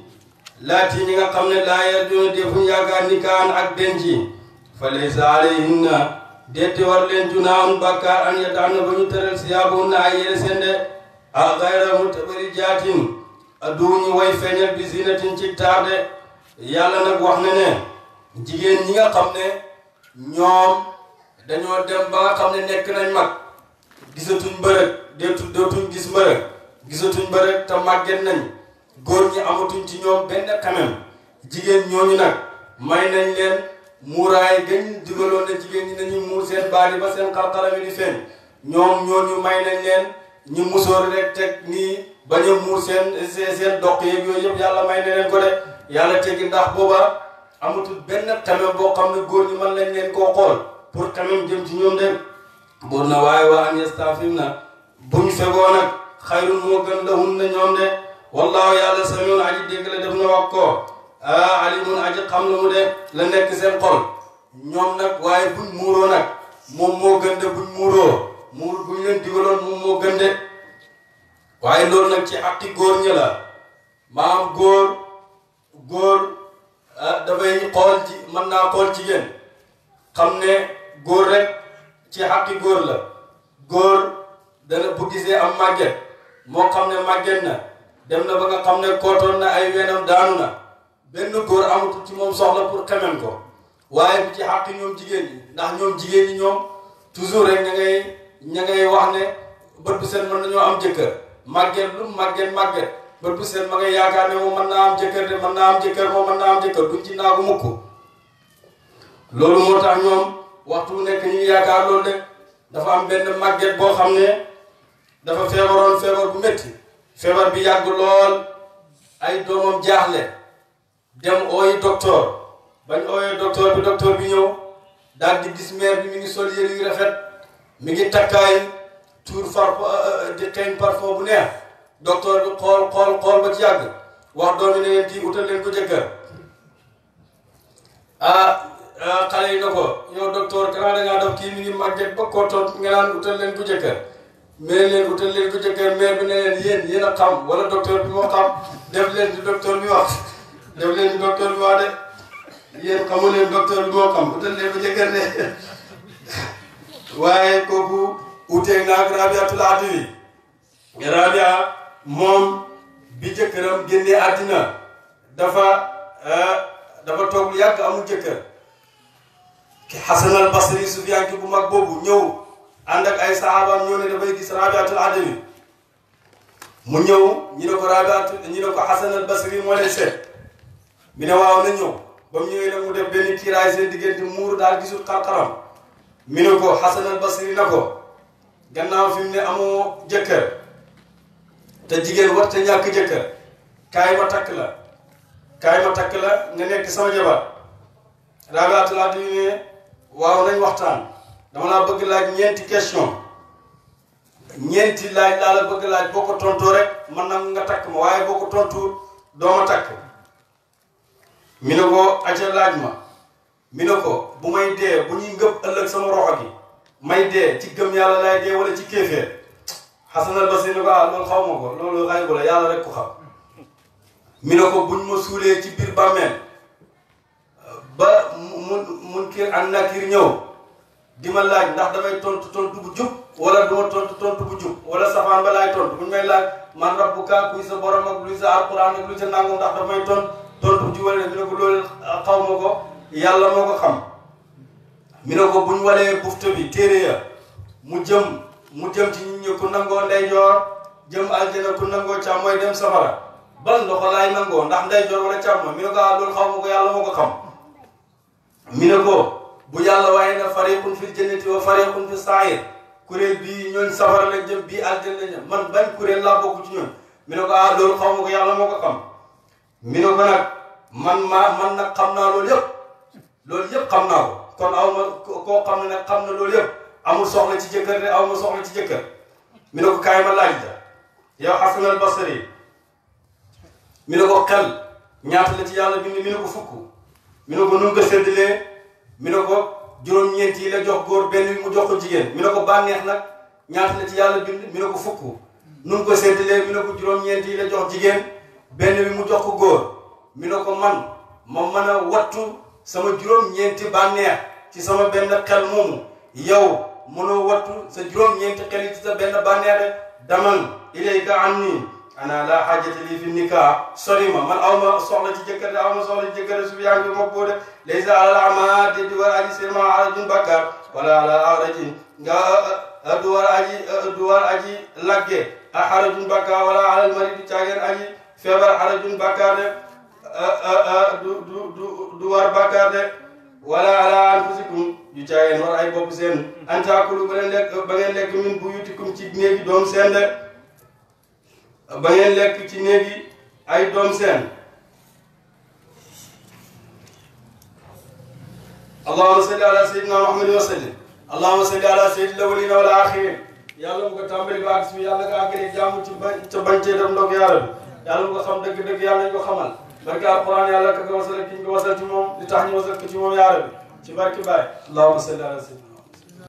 laati ñi nga xam ne laa yarjuna defuñ yaakaar nikaan ak denc fa laysa alayhinna detti war leen junaahun bàkkaar an yadaana ba ñu tëral siyaabahunna ay yére seen de al gayra mutabarrijaatin aduñu way feeñal bi zinatin ci taar de yàlla nag wax na ne jigéen ñi nga xam ne ñoom dañoo dem ba nga ne nekk nañ mag gisatuñ mbërëg deetu dootuñ gis mbërëg gisatuñ mbërëg te màgget nañ góor ñi amatuñ ci ñoom benn xemem jigéen ñooñu nag may nañ leen muuraay gañ digaloon na jigéen ñi nañu muur seen baari ba seen xarxaram yi di feeñ ñoom ñooñu may nañ leen ñu musóor rek teg nii bañ a muur seen seen doq yeeg yooyu yëpp yàlla may na leen ko de yàlla teggi ndax booba amatul benn xemem boo xam ne góor ñi mën lañ leen koo xool pour xemem jëm ci ñoom de buur na waaye wa an yastafim na buñ fegoo nag xayrun moo gën lahun na ñoom de wallaahu yàlla samiun aji dégg la def na wax ko ah alimun aji xam mu de la nekk seen xol ñoom nag waaye buñ muuroo nag moom moo gën de buñ muuroo muur buñ leen digaloon moom moo gën de waaye loolu nag ci atti góor ñi la maam góor góor ah, dafay xool ci mën naa xool jigéen xam ne góor rek ci xaqi góor la góor dana bu gisee am màgget moo xam ne màgget na dem na ba nga xam ne kootoon na ay wenam daanu na benn góor amatul ci moom soxla pour xemem ko waaye bu ci xaqi ñoom jigéen ñi ndax ñoom jigéen yi ñoom toujours rek ña ngay ña ngay wax ne bët bu seen na nañoo am jëkkër màgget lu màgget màgget bët bu seen ma ngay yaakaar ne moom mën naa am jëkkër de mën naa am jëkkër moom mën naa am ci naagu mukk loolu moo tax ñoom waxtu wu nekk ñu yaakaar loolu de dafa am benn màgget boo xam ne dafa feebaroon feebar bu metti feebar bi yàgg lool ay doomam jaaxle dem ooyi docteur bañ ooyee docteur bi docteur bi ñëw daal di gis mère bi mi ngi sol yére yu rafet mi ngi takkaay tuur far euh, euh, euh, di xeeñ parfum bu neex docteur bi xool xool xool ba ci yàgg wax doomi ne leen di utal leen ko jëkkër ah, Ah, xale yi na ko yow docteur kanaa da ngaa dof kii mi ngi màgget ba kootoon nga naan utal leen ku jëkkër mais leen utal leen ku jëkkër mais bi ne leen yéen yéen a wala docteur bi moo xam def leen di docteur bi wax def leen di docteur bi wax de yéen xamu leen docteur bi moo xam utal ku jëkkër ne waaye kooku utee naag Rabia tulaati bi moom bi jëkkëram génnee àddina dafa ah, dafa toog lu yàgg amul ki Xasan al Basri Sufyaan ki bu mag boobu ñëw ànd ay saxaabaam ñëw ne dafay gis Rabiatul Adawi mu ñëw ñu ne ko Rabiatu ñu ne ko Xasan al Basri moo lay ne waaw na ñëw ba mu ñëwee nag mu def benn kiiraay seen diggante muuru daal gisul xar-xaram mi ne ko Xasan al na ko gannaaw fi mu ne amoo jëkkër te jigéen war te ñàkk jëkkër kaay ma takk la kaay ma takk la nga nekk sama jabar Rabiatul Adawi ne waaw nañ waxtaan dama laa bëgg laaj ñeenti question ñeenti laaj laa la bëgg laaj boo ko tontoo rek man na nga takk ma waaye boo ko tontu doo ma takk mi ne ko ma mi ko bu may dee bu ñuy ngëb ëllëg sama roxo gi may gëm yàlla laay wala ci kéeféer xasanal ko ah loolu xaw ma ko yàlla rek ko xam mi ne ko buñ ma suulee ci biir bàmmeel ba mu munkir ak na ñëw di ma laaj ndax damay tontu tontu bu jub wala duma tontu tontu jub wala safaan ba laay tontu bu may laaj man rabbuka kuy sa borom ak luy sa alquran ak luy sa nangam ndax damay tontu tontu bu jub wala mi ne ko loolu xaw ma ko yàlla moo ko xam mi ne ko bu ñu walee bufta bi téere ya mu jëm mu jëm ci ñu ñi ku nangoo ndeyjoor jëm aljana ko nangoo càmmooy dem safara ban loxo laay nangoo ndax ndeyjoor wala càmmooy ah, mi xaw ma ko yàlla moo mi ne ko bu yàlla waaye na fariqun fil jannati wa fariqun fis sa'ir kuréel bii ñooñ safara la jël bii aljanna lañ man bañ kuréel laa bokk ci ñoom mi ne ko ah loolu xaw ma ko yàlla moo ko xam mi ko man maa man nag xam naa yëpp loolu yëpp xam naa ko kon aw ma xam ne nag xam na loolu yëpp amul soxla ci jëkkër ne aw ma soxla ci jëkkër mi ne ko kaay ma laaj la yow Hasan al ko xel ñaata la ci yàlla bind mi ko fukk mi ne ko nu mu ko séddalee mi ne ko juróom-ñeent yi la jox góor benn bi mu jox ko jigéen mi ne ko bànneex nag ñaata la ci yàlla bind mi ne ko fukk nu mu ko séddalee mi ne ko juróom-ñeent yi la jox jigéen benn bi mu jox ko góor mi ne ko man ma mën a wattu sama juróom-ñeenti bànneex ci sama benn xel moomu yow mënoo wattu sa juróom-ñeenti xel yi ci sa benn bànneex rek daman ilayka anni ana laa xaajata lii fi nikaa sori ma man aw soxla ci jëkkër de aw ma soxla ci jëkkër de su yaa ngi ma boo de laysa alal ama te di war aji seen ma arajun du war aji du a xarajun bakkaar wala alal mari uh, uh, du uh, caageen aji feebar xarajun bakkaar de du war bakkaar de wala ala anfusikum yu caageen war ay bopp seen an taakulu ba ngeen lekk ba ngeen lekk min buyutikum ci néegi doom seen de ba ngeen lekk ci néeg yi ay doom seen allahuma salli ala sayyidina muhammadin wa sallim allahuma salli ala sayyidil awwalina wal axirin yàlla mu ko tàmbali ba ak suñu yàlla nga àggale jàmm ci bañ ca bañcee dem ndoog yàlla bi yàlla mu ko xam dëgg-dëgg yàlla ñu ko xamal barke alquran yàlla ka ko wasal ki ñu ko wasal ci moom li tax ñu wasal ko ci moom yàlla bi ci barke Baay allahuma salli ala sayyidina